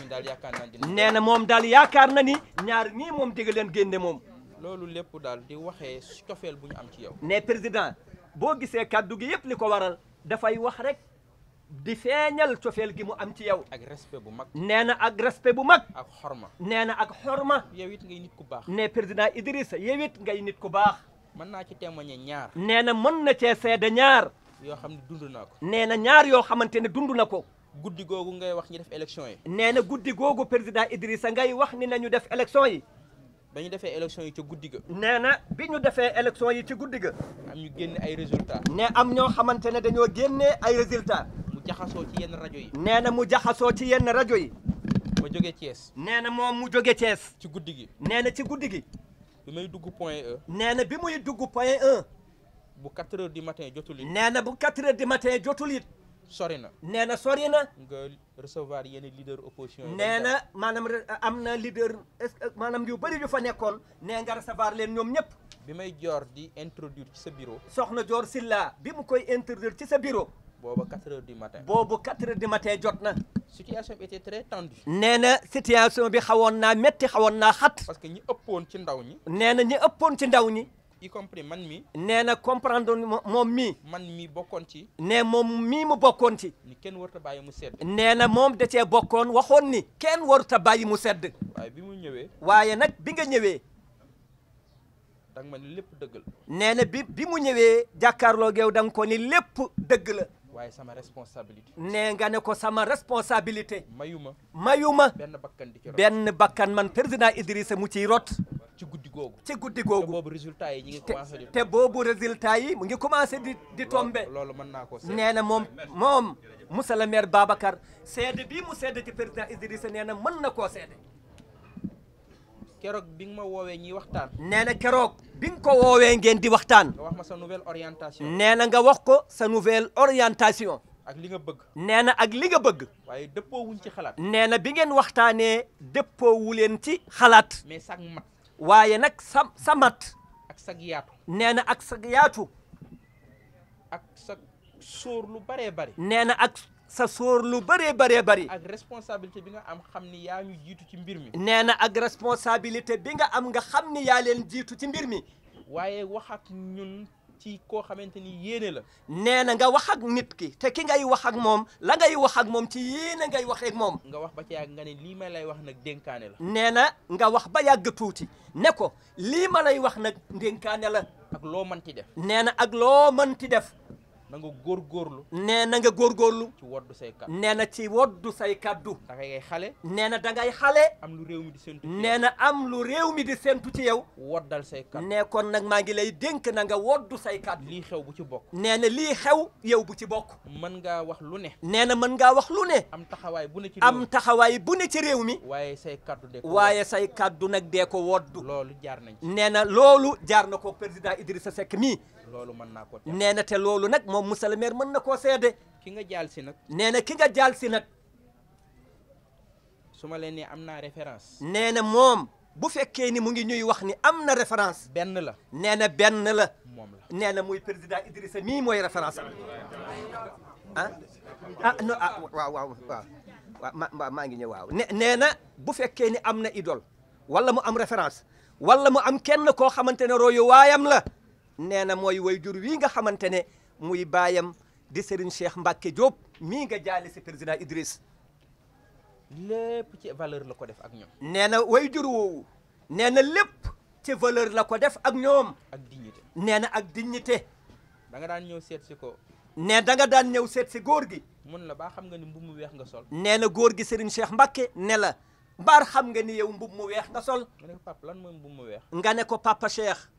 nee na moom daal yaakaar na ni ñaar ñii moom di nga leen génne moom. loolu lépp daal di waxee cofeel bu ñu am ci yow. ne président boo gisee kàddu gi yëpp li ko waral dafay wax rek. di feeñal cofeel gi mu am ci yow. ak respect bu mag. nee na ak respect bu mag. ak xorma. nee na ak xorma. yow it ngay nit ku baax. ne président Idrissa yow it ngay nit ko baax. mën naa ci teem témoigner ñaar. nee na mën na cee seede ñaar. yoo xam ne dund naa ko. nee na ñaar yoo xamante ne dund na ko. guddi googu ngay wax ñu def élection yi. nee na guddi googu président Idrissa ngay wax ni nañu def élection yi. ba ñu defee élection yi ci guddi ga. nee na bi ñu defee élection yi ci guddi ga. am ñu génne ay résultats. ne am ñoo xamante ne dañoo génne ay résultats. jaxasoo ci yenn rajo yi. nee na mu jaxasoo ci yenn rajo yi. ma jóge Thiès. nee na moom mu jóge Thiès. ci guddi gi. nee na ci guddi gi. bi may dugg point E. nee na bi muy dugg point E. bu 4 heures du matin jotul yi nee bu 4 heures du matin jotul it. sori na nee na sori na. nga recevoir yenn leader opposition yi. nee na maanaam am na leader maanaam yu bëri yu fa nekkoon. nee nga recevoir leen ñoom ñëpp. bi may joor di introduire ci sa bureau. soxna Dior Silla bi mu koy introduire ci sa bureau. boobu 4 heures du matin. boobu 4 heures du jot na. situation bi était très nee na situation bi xawoon naa métti xawoon naa xat. parce que ñi ëppoon ci ndaw ñi. nee na ñi ëppoon ci ndaw ñi. y compris man mi nee na comprendre moom mii. man mii bokkoon ci. ne moom mii mu bokkoon ci. ni kenn warut a bàyyi mu sedd. nee na moom da bokkoon waxoon ni. kenn warut a bàyyi mu sedd. waaye bi mu ñëwee. waaye nag bi nga ñëwee. da ma lépp dëgg la. nee na bi dëgg la. waaye sama responsabilité. nee nga ko sama responsabilité. mayuma mayuma. benn bakkan di benn bakkan man président Idrissa mu ciy rot. ci guddi googu ci guddi googu. te yi ñu ngi commencé di. te boobu résultat yi mu ngi commencé di di tombe loolu mën naa ko nee na moom moom. monsieur le maire Babacar. seede bi mu seede ci président Idrissa nee na mën na koo seede. keroog bi nga ma woowee ñuy waxtaan. nee na keroog bi nga ko woowee ngeen di waxtaan. nga wax ma sa nouvelle orientation. nee na nga wax ko sa nouvelle orientation. ak li nga bëgg. nee na ak li nga bëgg. waaye dëppoo ci xalaat. nee na bi ngeen waxtaanee dëppoo leen ci xalaat. mais sag mat. waaye nag sa sa mat. ak sag yaatu. nee na ak sag yaatu. ak sag soor lu baree bare. nee na ak. sa sóor lu bëree bëree bëri. ak responsabilité bi nga am xam ni yaa ñu jiitu ci mbir mi. nee na ak responsabilité bi nga am nga xam ni yaa leen jiitu ci mbir mi. waaye wax ñun ci koo xamante ni yéene la. nee na nga wax ak nit ki te ki ngay wax ak moom la ngay wax ak moom ci yéene ngay waxee ak moom. nga wax ba ci yàgg nga ne lii ma lay wax nag dénkaane la. nee na nga wax ba yàgg tuuti ne ko lii ma lay wax nag dénkaane la. ak loo mënti def. nee na ak loo mënti def. na nga góorgóorlu nee na nga góorgóorlu ci woddu say kaddu nee na ci woddu say kaddu da xale nee na da ngay xale am lu réew mi di séntu nee na am lu réew mi di séntu ci yow woddal say kaddu nee kon nag maa ngi lay dénk na nga woddu say kaddu lii xew bu ci bokk nee na lii xew yow bu ci bokk mën ngaa wax lu ne nee na mën ngaa wax lu ne am taxawaay bu ne ci am taxawaay bu ne ci réew mi waaye say kaddu de waaye say kaddu nag dee ko woddu loolu jaar nañ nee na loolu jaar na ko président Idrissa Seck mii loolu mën naa ko nee na te loolu nag moom monsieur le mën na koo seede ki nga jaal si nag nee na ki nga jaal si nag su ma leen ne am naa référence nee na moom bu fekkee ni mu ngi ñuy wax ni am na référence benn la nee na benn la moom la nee na muy président Idrissa mii mooy référence am ah? Ah, ah, waaw waaw waaw maa ngi ñëw waaw ne nee na bu fekkee ni am na idole wala mu am référence wala mu am kenn koo xamante ne royo waayam la nee na mooy way jur wii nga xamante ne muy baayam di Serigne Cheikh Mbacke Diop mii nga jaale si président Idriss. lépp ci valeur la ko def ak ñoom. nee na way jur woowu nee na lépp ci valeur la ko def ak ñoom. ak dignité nee na ak dignité. da nga daan ñëw seet si ko. ne da nga daan ñëw seet si góor gi. mun la baa xam nga ni mbub mu weex nga sol. nee na góor gi Serigne Cheikh Mbacke ne la. baar xam nga ni yow mbub mu weex nga sol. nga ne ko papa lan mooy mbubb mu weex. nga ne ko papa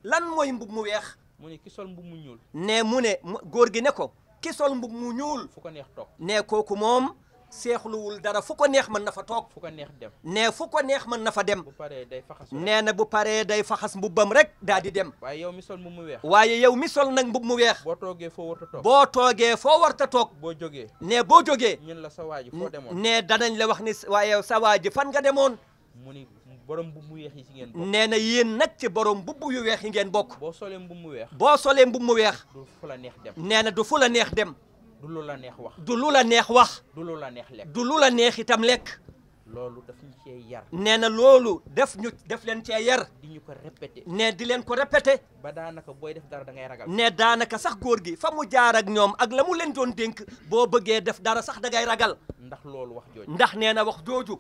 lan mooy mbub mu weex. mu ne ki sol mbubb mu ñuul. ne mu ne góor gi ne ko ki sol mu ñuul. fu ko neex toog ne kooku moom. seexluwul dara fu ko neex mën na fa toog. fu ko neex dem ne fu ko neex mën na fa dem. bu paree day faxas nee na bu pare day faxas mbubbam rek daa di dem. waaye yow mi sol mbubb mu weex. waaye yow mi sol nag mbubb mu weex. boo toogee foo warta toog boo toogee foo warta toog. boo jógee ne boo jógee. ñun la sa waa ji foo demoon ne danañ la wax ni waaye sa waa ji fan nga demoon. mu ni borom mbubb mu yi ngeen bokk. nee na yéen nag ci borom mbubb yu weex yi ngeen bokk. boo solee mbubb mu weex. boo solee mbubb mu weex. du fu la neex dem. nee na du fu la neex dem. du lu la neex wax. du lu la neex wax. du lu la neex lekk. du la neex itam lekk. loolu yar. nee na loolu def ñu def leen cee yar. di ñu ko nee di leen ko répété. ba daanaka booy def dara da ngay ragal. nee daanaka sax góor gi fa mu jaar ak ñoom ak la mu leen doon dénk boo bëggee def dara sax da ngay ragal. ndax loolu wax jooju. ndax nee na wax jooju.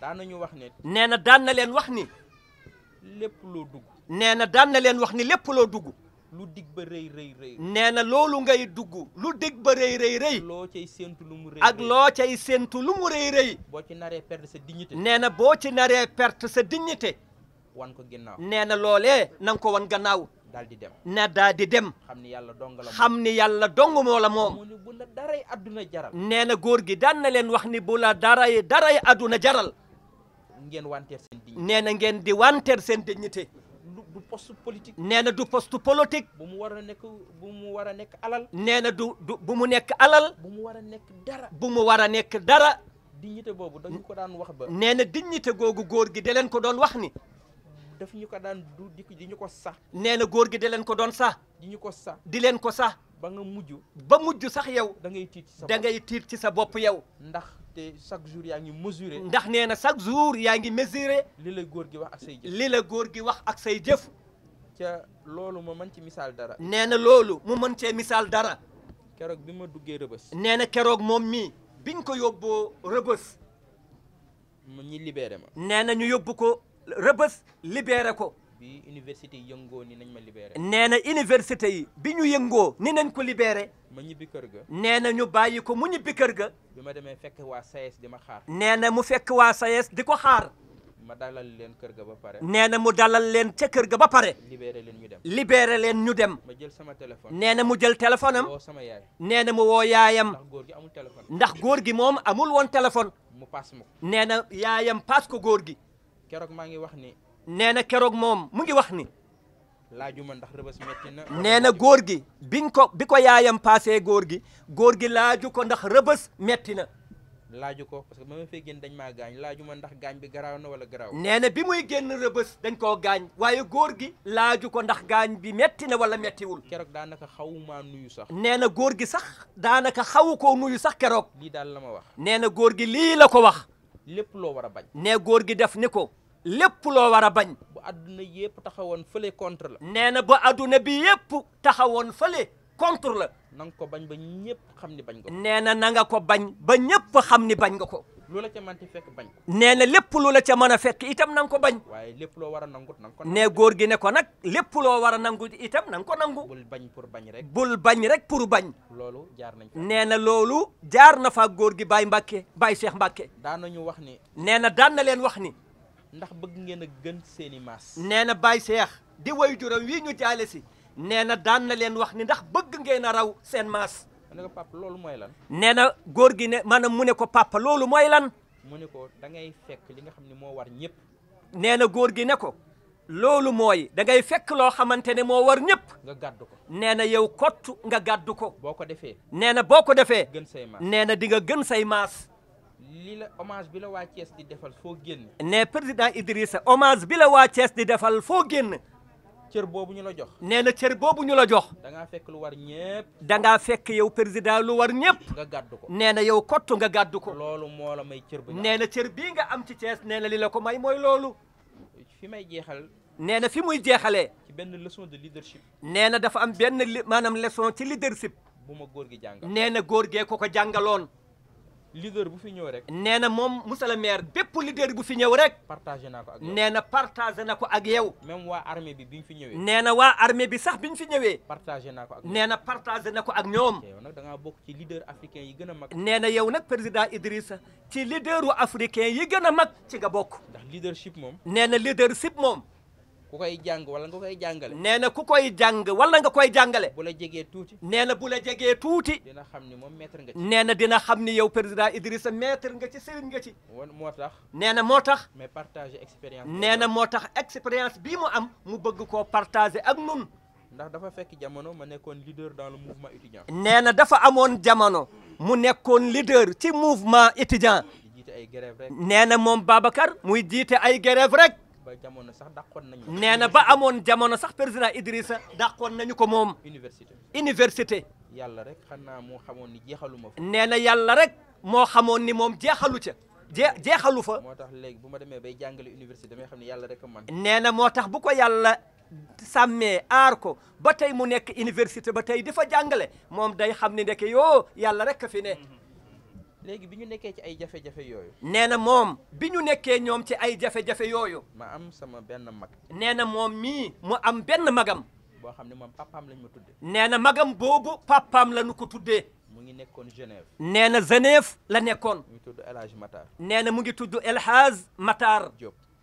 daan nañu wax ne. nee na daan leen wax ni. lépp loo dugg. nee na daan na leen wax ni lépp loo dugg. lu dig ba rëy rëy rëy. nee na loolu ngay dugg. lu dig ba rëy rëy rëy. loo cay séentu lu mu rëy ak loo cay séentu lu mu rëy boo ci naree perte sa dignité. nee na boo ci naree perte sa dignité. wan ko ginnaaw nee na loolee na ko wan gannaaw. daal di dem na daal di dem. xam ni yàlla dong la moom xam ni yàlla dong moo la moom. mu ne bu la daray nee na góor gi daan leen wax ni bu la daray daray adduna jaral. ngeen wanteer seen nee na ngeen di wanteer seen dignité du poste politique nee na du poste politique bu mu war a nekk bu mu war a nekk alal nee na du du bu mu nekk alal bu mu war a nekk dara bu mu war a nekk dara dignité boobu dañu ko daan wax ba nee na dignité googu góor gi da leen ko doon wax ni daf ñu ko daan du di di ñu ko sax nee na góor gi da leen ko doon sax di ko sax di leen ko sax ba nga mujj ba mujj sax yow da ngay tiit da ngay tiit ci sa bopp yow te chaque jour yaa ngi mesurer. ndax nee na chaque jour yaa ngi mesurer. li la góor gi wax ak say la góor gi wax ak say jëf. ca loolu ma mën ci misaal dara. nee na loolu mu mën cee misaal dara. keroog bi ma duggee rëbës. nee na keroog moom mii biñ ko yóbboo rëbës. mu ñi libéré ma. nee na ñu yóbbu ko rëbës libéré ko. bi université yi yëngoo ni nañ ma libéré. nee na université yi bi ñu yëngoo ni nañ ko libéré. ma ñibbi kër ga. nee na ñu bàyyi ko mu ñibbi kër ga. bi ma demee fekk waa SAES e di ma xaar. nee na mu fekk waa SAES e di ko xaar. ma dalal leen kër ga ba pare. nee na mu dalal leen ca kër ga ba pare. libéré leen ñu dem. libéré leen ñu dem. ma jël sama téléphone. nee na mu jël téléphone am. sama yaay. nee na mu woo yaayam. ndax góor gi amul téléphone. ndax góor gi moom amul woon téléphone. mu paas ma nee na yaayam paas ko góor gi. keroog maa ngi wax ni. nee na keroog moom mu ngi wax ni. laajuma ndax rëbës metti na. nee na góor gi biñ ko bi ko yaayam paasee góor gi góor gi laaju ko ndax rëbës metti na. laaju ko parce que ba ma génn dañ maa gaañ laajuma ndax gaañ bi garaaw na wala garaaw. nee bi muy génn rëbës dañ koo gaañ waaye góor gi laaju ko ndax gaañ bi metti na wala mettiwul. keroog daanaka xawumaa nuyu sax. nee na góor gi sax daanaka xawu ko nuyu sax keroog. lii daal la ma wax. nee na góor gi lii la ko wax. lépp loo war a bañ. nee góor gi def ni ko. lépp loo war a bañ. bu adduna yëpp woon fële contre la. nee na bu adduna bi yëpp woon fële contre la. na ko bañ ba ñëpp xam ni bañ nga ko. nee na na ko bañ ba ñëpp xam ni bañ nga ko. lu la ca mën fekk bañ nee na lépp lu la ca mën a fekk itam na nga ko bañ. waaye lépp loo war a nangu na nga nee góor gi ne ko nag lépp loo war a nangu itam na ko nangu. bul bañ pour bañ rek. bul bañ rek pour bañ. loolu jaar nañ fa. nee na loolu jaar na fa góor gi Baye Mbacke Baye Cheikh Mbacke. daan nañu wax ni. nee na daan leen wax ni. ndax bëgg ngeen a gën seeni i maas. nee na Baye Cheikh di woy juróom wii ñu jaale si nee na daan na leen wax ni ndax bëgg ngeen a raw seen maas. ne loolu mooy lan. nee na góor gi ne maanaam mu ne ko papa loolu mooy lan. mu ne ko da ngay fekk li nga xam ne moo war ñëpp. nee na góor gi ne ko. loolu mooy da ngay fekk loo xamante ne moo war ñëpp. nga gàddu ko nee na yow kott nga gàddu ko. boo ko defee. nee na boo ko defee. gën say maas nee na di nga gën say maas. li la hommage bi la waa cees di defal foo génn. ne président Idrissa hommage bi la waa cees di defal foo génn. cër boobu ñu la jox. nee na cër boobu ñu la jox. da fekk lu war ñëpp. da ngaa fekk yow président lu war ñëpp. nga gàddu ko nee na yow kottu nga gàddu ko. loolu moola may cër bi. nee na cër bii nga am ci Thiès nee na li la ko may mooy loolu. fi may jeexal. nee na fi muy jeexalee. ci benn leçon de leadership. nee na dafa am benn li lesson leçon ci leadership. bu ma góor gi jàngal nee na góor gee ko ko jàngaloon. leader bu fi ñëw rek. nee na moom monsieur le maire bépp leader bu fi ñëw rek. partagé naa ko na partagé na ko ak yow. même waa armée bi biñ fi ñëwee. nee na waa armée bi sax biñ fi ñëwee. partagé naa ko ak nee na partagé na ko ak ñoom. yow nag da ngaa bokk ci leader africain yi gën a mag. nee yow nag président Idrissa ci leaderu africain yi gën a mag ci nga bokk. ndax leadership moom. nee na leadership moom. ku koy jàng wala nga koy jàngale. nee na ku koy jàng wala nga koy jàngale. bu la jegee tuuti. nee na bu la jegee tuuti. dina xam ni moom maître nga nee na dina xam ni yow président Idrissa maître nga ci sëriñ nga ci. woon moo tax. nee na moo tax. mais partager expérience. nee na moo tax expérience bii mu am mu bëgg ko partager ak nun ndax dafa fekk jamono ma nekkoon leader dans le mouvement étudiant. nee na dafa amoon jamono mu nekkoon leader ci mouvement étudiant. di jiite ay grève rek. nee na moom Babacar muy jiite ay grève rek. ba jamono sax dàqoon nañu nee na ba amoon jamono sax président Idrissa dàqoon nañu ko moom université université yàlla rek xanaa moo xamoon ni jeexalu ma nee na yàlla rek moo xamoon ni moom jeexalu ca jee jeexalu fa moo tax léegi bu ma demee bay jàngale université damay xam ne yàlla rek man nee na moo tax bu ko yàlla sàmmee aar ko ba tey mu nekk université ba tey di fa jàngale moom day xam ni ndeke yoo yàlla rek a fi ne mm-hmm. léegi bi ñu nekkee ci ay jafe-jafe yooyu. nee na moom bi ñu nekkee ñoom ci ay jafe-jafe yooyu. ma am sama benn mag. nee na moom mii mu am benn magam. boo xam ne moom papam lañ ma tuddee. nee na magam boobu papaam la ñu ko tuddee. mu ngi nekkoon Genève. nee na Genève la nekkoon. mu ngi tudd El Hadj Matar. nee na mu ngi tudd El Hadj Matar.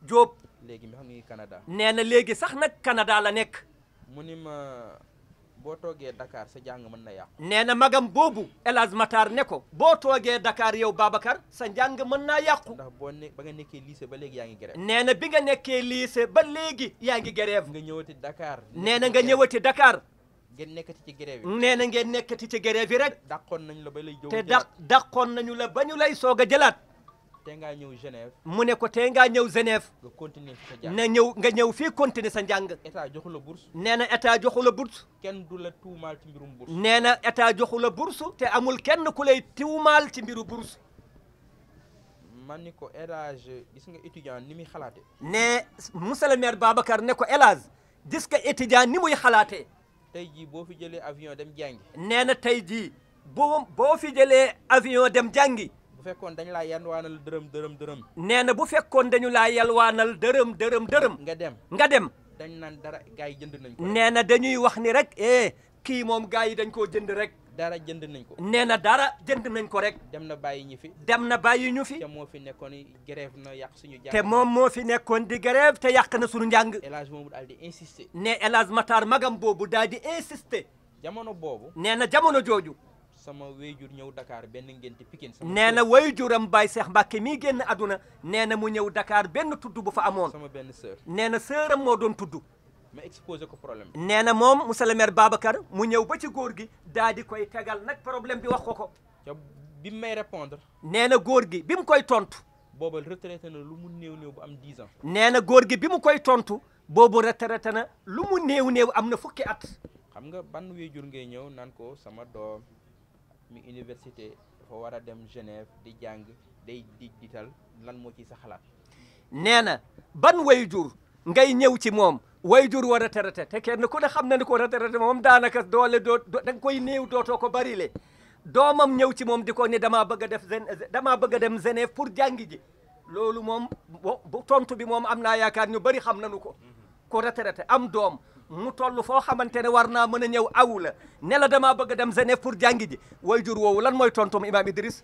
Diop léegi mi xam ngi Canada. nee na léegi sax nag Canada la nekk. mu ni ma. boo toogee dakaar sa jàng mën na yàqu. nee na magam boobu El Hadj Matar ne ko. boo toogee Dakar yow Babacar sa njàng mën naa yàqu. ndax boo ne ba nga nekkee lycée ba léegi yaa ngi grève. nee na bi nga nekkee lycée ba léegi yaa ngi grève. nga ñëwati Dakar. nee na nga ñëwati Dakar. ngeen nekkati ci grève yi. nee na ngeen nekkati ci grève yi rek. dàqoon nañu la ba lay. te nañu la ba ñu lay soog a jëlaat. tey ngaa ñëw Genève. mu ne ko tey ngaa ñëw Genève. nga continuer na ñëw nga ñëw fii sa njàng. état joxu la bourse. nee na état joxu la kenn du la tuumaal ci mbirum bourse. nee na état joxu la bourse te amul kenn ku lay tuumaal ci mbiru bourse. man ni ko El gis nga étudiant ni muy xalaatee. ne monsieur le Babacar ne ko El Hadj gis nga étudiant ni muy xalaatee. tey jii boo fi jëlee avion dem jàngi. nee na tey jii boo boo fi jëlee avion dem jàngi. fekkoon dañ laa yalwaanal dërëm dërëm dërëm. nee na bu fekkoon dañu laa yalwaanal dërëm dërëm dërëm. nga dem nga dem. dañ naan dara gars jënd nañ nee na dañuy wax ni rek eh kii moom gars yi dañ koo jënd rek. dara jënd nañ ko. nee na dara jënd nañ ko rek. dem na bàyyi ñu fi. dem na bàyyi ñu fi. te moo fi nekkoon grève na yàq suñu jàng. moom moo fi nekkoon di grève te yàq na suñu njàng. El Hadj moomu daal di insister. ne El Hadj magam boobu daal di insister. jamono boobu. nee na jamono jooju. sama wayjur ñëw dakaar benn ngénte Pikine sama nee na wayjuram Baye Cheikh Mbacke mii génn aduna nee na mu ñëw dakaar benn tudd bu fa amoon sama benn sœur nee na sœuram moo doon tuddu ma exposé ko problème nee na moom monsieur le maire Babacar mu ñëw ba ci góor gi daal di koy tegal nag problème bi wax ko ko bi may répondre nee na góor gi bi mu koy tontu boobu retraité na lu mu néew néew bu am 10 ans nee na góor gi bi mu koy tontu boobu retraité na lu mu néew néew am na fukki at xam nga ban wéyjur ngay ñëw naan ko sama doom mi université dafa war a dem Genève di jàng day di lan moo ci sa xalaat. nee na ban wayjur ngay ñëw ci moom wayjur war a retraité te kenn ku de xam na ni ko retraité moom daanaka doole doo da nga koy néew dootoo ko bari le doomam ñëw ci moom di ko ni damaa bëgg a def damaa bëgg a dem Genève pour jàngi ji loolu moom tontu bi moom am naa yaakaar ñu bari xam nañu ko mm-hmm. ko retraité am doom. mu toll foo xamante ne war naa mën a ñëw aw la ne la damaa bëgg a dem Genève pour jàngi ji wayjur woowu lan mooy tontom Imaam Idriss.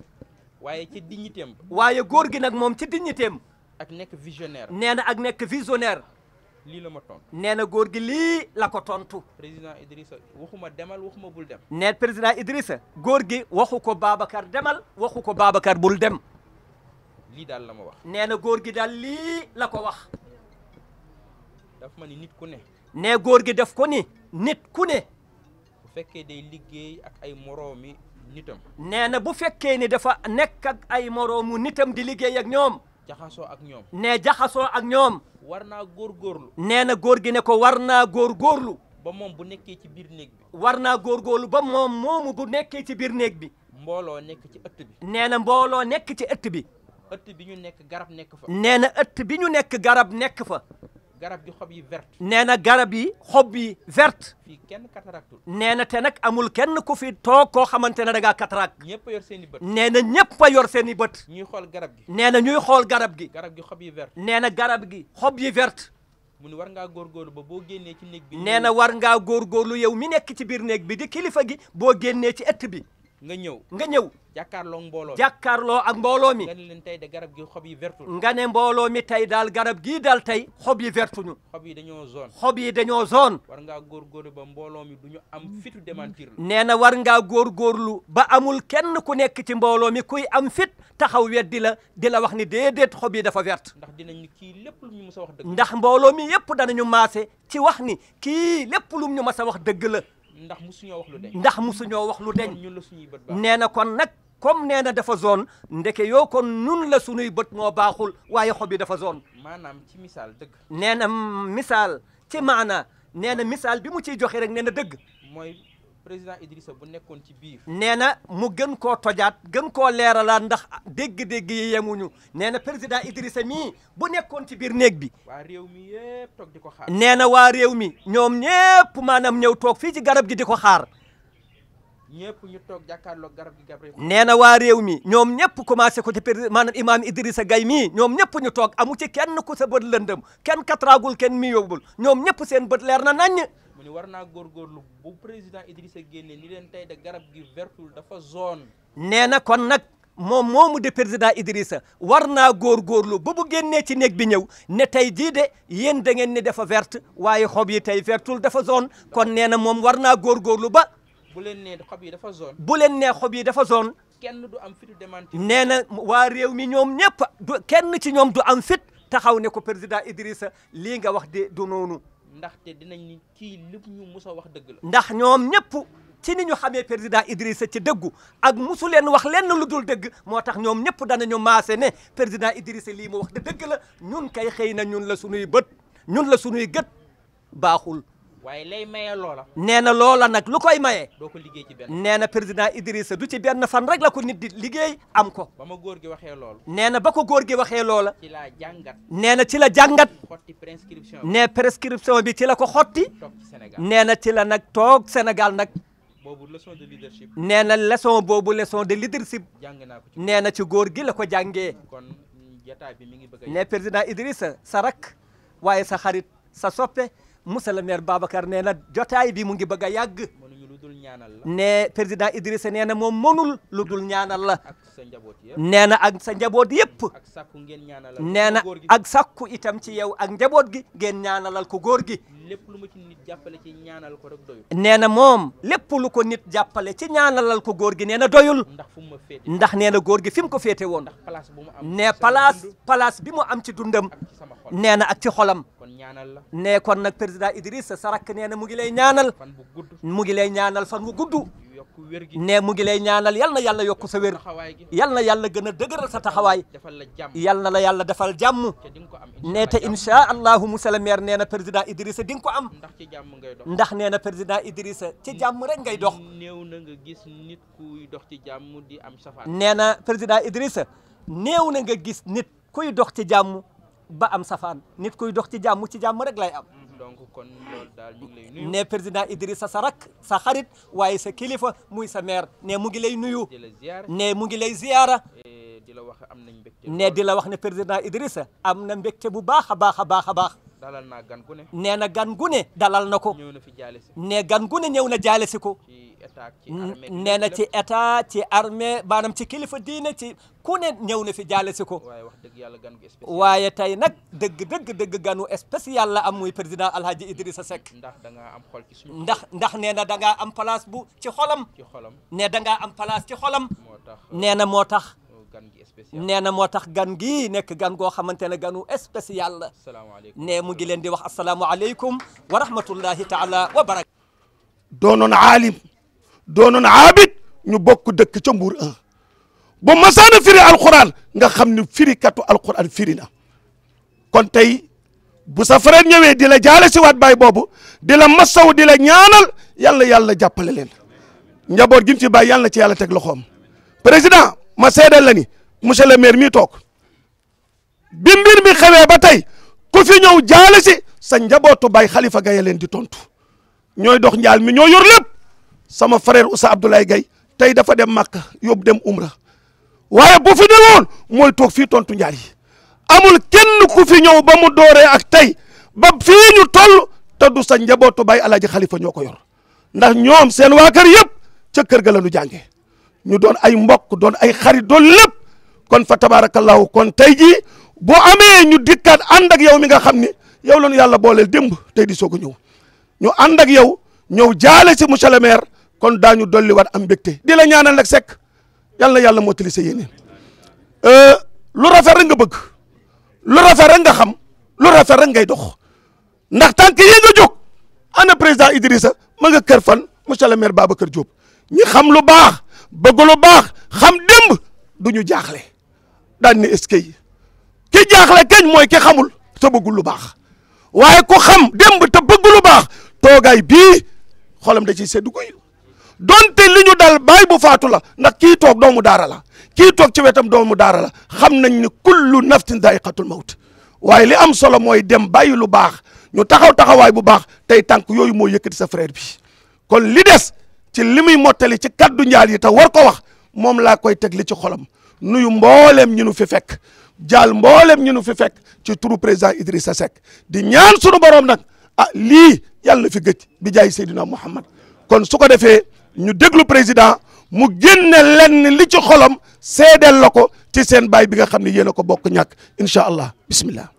waaye ci dignitéem waaye góor gi nag moom ci dignitéem ak nekk visionnaire. nee na ak nekk visionnaire. lii la ma tontu. nee na góor gi lii la ko tontu. président Idrissa waxuma demal waxuma bul dem. nee président Idrissa. góor gi waxu ko Babacar demal waxu ko Babacar bul dem. lii daal la ma wax. nee na góor gi daal lii la ko wax. ma ni nit ku ne. ne góor gi def ko ni nit ku ne. bu fekkee day liggéey ak ay moroomi nitam. nee na bu fekkee ni dafa nekk ak ay moroomu nitam di liggéey ak ñoom. jaxasoo ak ñoom. nee jaxasoo ak ñoom. war naa góorlu nee na góor gi ne ko war naa góorlu ba moom bu nekkee ci biir néeg war naa góorgóorlu ba moom moomu bu nekkee ci biir néeg bi. mbooloo nekk ci ëtt bi. nee na mbooloo nekk ci ëtt bi. ëtt bi ñu nekk garab nekk fa. nee na ëtt bi ñu nekk garab nekk fa. garab gi xob yi verte. nee na garab yi xob yi vert fii kenn cataracte. nee na te nag amul kenn ku fi toog koo xamante ne da ngaa cataracte. ñëpp yor seeni bët. nee na ñëpp a yor seen bët. ñuy xool garab gi. nee na ñuy xool garab gi. garab gi xob yi vert nee na garab gi xob yi verte. mu ne war ngaa góorgóorlu ba boo génnee ci néeg bi. nee na war ngaa góorgóorlu yow mi nekk ci biir néeg bi di kilifa gi boo génnee ci ëtt bi. nga ñëw nga ñëw jàkkaarloo mbooloo jàkkaarloo ak mbooloo mi nga ne leen tey de garab gi xob yi vertu nga mbooloo mi tey daal garab gii daal tey xob yi vertuñu xob yi dañoo zone xob yi dañoo zone war ngaa góorgóorlu ba mbooloo mi duñu am fitu démentir la nee na war ngaa góorgóorlu ba amul kenn ku nekk ci mbooloo mi kuy am fit taxaw weddi la di la wax ni déedéet xob yi dafa vert ndax dinañu kii lépp lu ñu mës wax dëgg ndax mbooloo mi yépp danañu maase ci wax ni kii lépp lu ñu mës a wax dëgg la ndax musuñoo wax lu deñ ndax musuñoo wax lu deñ nee na kon nag comme nee na dafa zone ndeke yoo kon nun la sunuy bët moo baaxul waaye xob yi dafa zone maanaam ci misaal dëgg nee na misaal ci maana nee na misaal bi mu ciy joxe rek nee na dëgg mooy président Idrissa bu nekkoon ci biir. nee na mu gën koo tojaat gën koo leeralaat ndax dégg-dégg yi yemuñu nee na président Idrissa mii bu nekkoon ci biir néeg bi. waa réew mi yëpp toog di ko xaar. nee na waa réew mi ñoom ñëpp maanaam ñëw toog fii ci garab gi di ko xaar. ñëpp ñu toog jàkkaarloog garab gi garab nee na waa réew mi ñoom ñëpp commencé ko ci président maanaam imaam Idrissa Gaye mii ñoom ñëpp ñu toog amu ci kenn ku sa bët lëndëm kenn katraagul kenn mi yóbbul ñoom ñëpp seen bët leer na nañ mu war naa góorgóorlu bu président Idrissa génne ni leen tey de garab gi vertul dafa zone. nee na kon nag moom moomu de président Idrissa war naa góorgóorlu ba bu génnee ci néeg bi ñëw ne tey jiide de yéen da ngeen ne dafa verte waaye xob yi tey vertul dafa zone kon nee na moom war naa góorgóorlu ba. bu leen nee xob yi dafa zone. bu leen nee xob yi dafa zone. kenn du am fit démenti. nee na waa réew mi ñoom ñëpp du kenn ci ñoom du am fit taxaw ne ko président Idrissa lii nga wax de du noonu. ndaxte dinañ ni kii lépp ñu mus wax dëgg la. ndax ñoom ñëpp ci ni ñu xamee président Idrissa ci dëggu ak musu leen wax lenn lu dul dëgg moo tax ñoom ñëpp danañu maase ne président Idrissa lii mu wax de dëgg la ñun kay xëy na ñun la sunuy bët ñun la sunuy gët baaxul. waaye lay maye loola. nee na loola nag lu koy maye. doo ko liggéey ci benn nee na président Idrissa du ci benn fan rek la ko nit di liggéey am ko. ba ma góor gi waxee loola. nee na ba ko góor gi waxee loola. ci la jàngat. nee na ci la jàngat. xotti prescription bi nee prescription bi ci la ko xotti. toog Sénégal nee na ci la nag toog Sénégal nag. boobu leçon de leadership. nee na leçon boobu leçon de leadership. jàng naa ko ci nee na ci góor gi la ko jàngee. kon jotaay bi mi ngi bëgg a. nee président Idrissa sa rak waaye sa xarit sa soppe. monsieur le maire Babacar nee jotaay bi mu ngi bëgg a yàgg ne président Idrissa nee na moom mënul lu dul ñaanal la nee na ak sa njaboot yëpp nee na ak sakku itam ci yow ak njaboot gi ngeen ñaanal ñaanalal ko góor gi nee na moom lépp lu ko nit jàppale ci ñaanalal ko góor gi nee na doyul ndax nee na góor gi fi mu ko féete woon ne place place bi mu am ci dundam nee na ak ci xolam kon ñaanal la ne kon nag président Idrissa sa rakk nee na mu ngi lay ñaanal fan bu mu ngi lay ñaanal fan bu gudd ne mu ngi lay ñaanal yal na yàlla yokk sa wér yal na yàlla gën a dëgëral sa taxawaay yal na la yàlla defal jàmm ne te insha allahu monsieur le maire nee na président Idrissa di nga ko am ndax nee na président Idrissa ci jàmm rek ngay dox néew na nga gis nit kuy dox ci jàmm di am safaan nee na président Idrissa néew na nga gis nit kuy dox ci jàmm ba am safaan nit kuy dox ci jàmm ci jàmm rek lay am. Mm-hmm. donc kon loolu daal ñu ne président Idrissa sa rak sa xarit waaye sa kilifa muy sa maire ne mu ngi lay nuyu. ne mu ngi lay ziyaara. di la wax am nañ mbégte. ne di la wax ne président Idrissa am na mbégte bu baax a baax a baax a baax. dalal naa gan gu ne. nee na gan gu ne dalal na ko. ñëw na fi jaale nee gan gu ne ñëw na jaale si ko. ci ci armée nee na ci état ci armée maanaam ci kilifa diine ci ku ne ñëw na fi jaale si ko. waaye wax dëgg yàlla gan gu waaye tey nag dëgg dëgg dëgg ganu spécial am muy président Alhaji Idrissa Seck. ndax da ngaa am xol ci suñu. ndax ndax nee na da am place bu ci xolam. ci xolam nee da ngaa am place ci xolam. moo tax nee na moo tax. nee na moo tax gan gi nekk gan goo xamante ne ganu spécial la ne mu ngi leen di wax asalaamualeykum wa rahmatullahi taala wa barak doonoon aalim doonoon aabid ñu bokk dëkk ca Mbuur un ba masaana firi alquran nga xam ne firi katu alquran firi na kon tey bu sa frère ñëwee di la jaale si waat baay boobu di la masaw di la ñaanal yàlla yàlla jàppale leen njaboot gi mu fi bàyyi yàlla ci yàlla teg loxoom président ma seedal la monsieur le maire mii toog bi mi xewee ba tey ku fi ñëw si sa njabootu bay xalifa gaye leen tontu ñooy dox njaal mi ñoo yor lépp sama frère Oussa Abdoulaye Gaye tey dafa dem Makka yóbbu dem Umra waaye bu fi ñëwoon mooy toog fii tontu njaal yi amul kenn ku fi ñëw ba mu dooree ak tey ba fii ñu toll te du sa njabootu bay alaaji xalifa ñoo ko yor ndax ñoom seen waa kër yëpp ca kër ga la ñu jàngee ñu doon ay mbokk doon ay xarit doon lépp. kon fa tabarakallahu kon tey jii boo amee ñu dikkaat ànd ak yow mi nga xam ni yow la ñu yàlla booleel démb tey di soog ñëw ñu ànd ak yow ñëw jaale si monsieur le maire kon daañu dolliwaat am mbégte di la ñaanal rek sekk yàlla na yàlla mottali sa yéene euh, lu rafet rek nga bëgg lu rafet rek nga xam lu rafet rek ngay dox ndax tànk yi nga jóg ana président Idrissa ma nga kër fan monsieur le maire kër Diop ñi xam lu baax bëgg lu baax xam démb du ñu jaaxle. daan ne est-ce ki jaaxle kañ mooy ki xamul te bëggul lu baax waaye ku xam demb te bëgg lu baax toogaay bii xolam da ciy sedd guy donte li ñu dal baay bu faatu la ndax kii toog doomu daara la kii toog ci wetam doomu daara la xam nañ ni kullu naftin daiqatul mawt waaye li am solo mooy dem bàyyi lu baax ñu taxaw taxawaay bu baax tey tànk yooyu moo yëkkati sa frère bi kon li des ci li muy mottali ci kaddu njaal yi te war ko wax moom laa koy teg ci xolam nuyu mboolem ñu nu fi fekk jaal mboolem ñu nu fi fekk ci turu président Idrissa Seck di ñaan sunu borom nag ah lii yàlla fi gëj bi jaay Seydina Muhammad kon su ko defee ñu déglu président mu génne lenn li ci xolam seedeel la ko ci seen baay bi nga xam ne yéen ko bokk ñàkk incha allah bismillah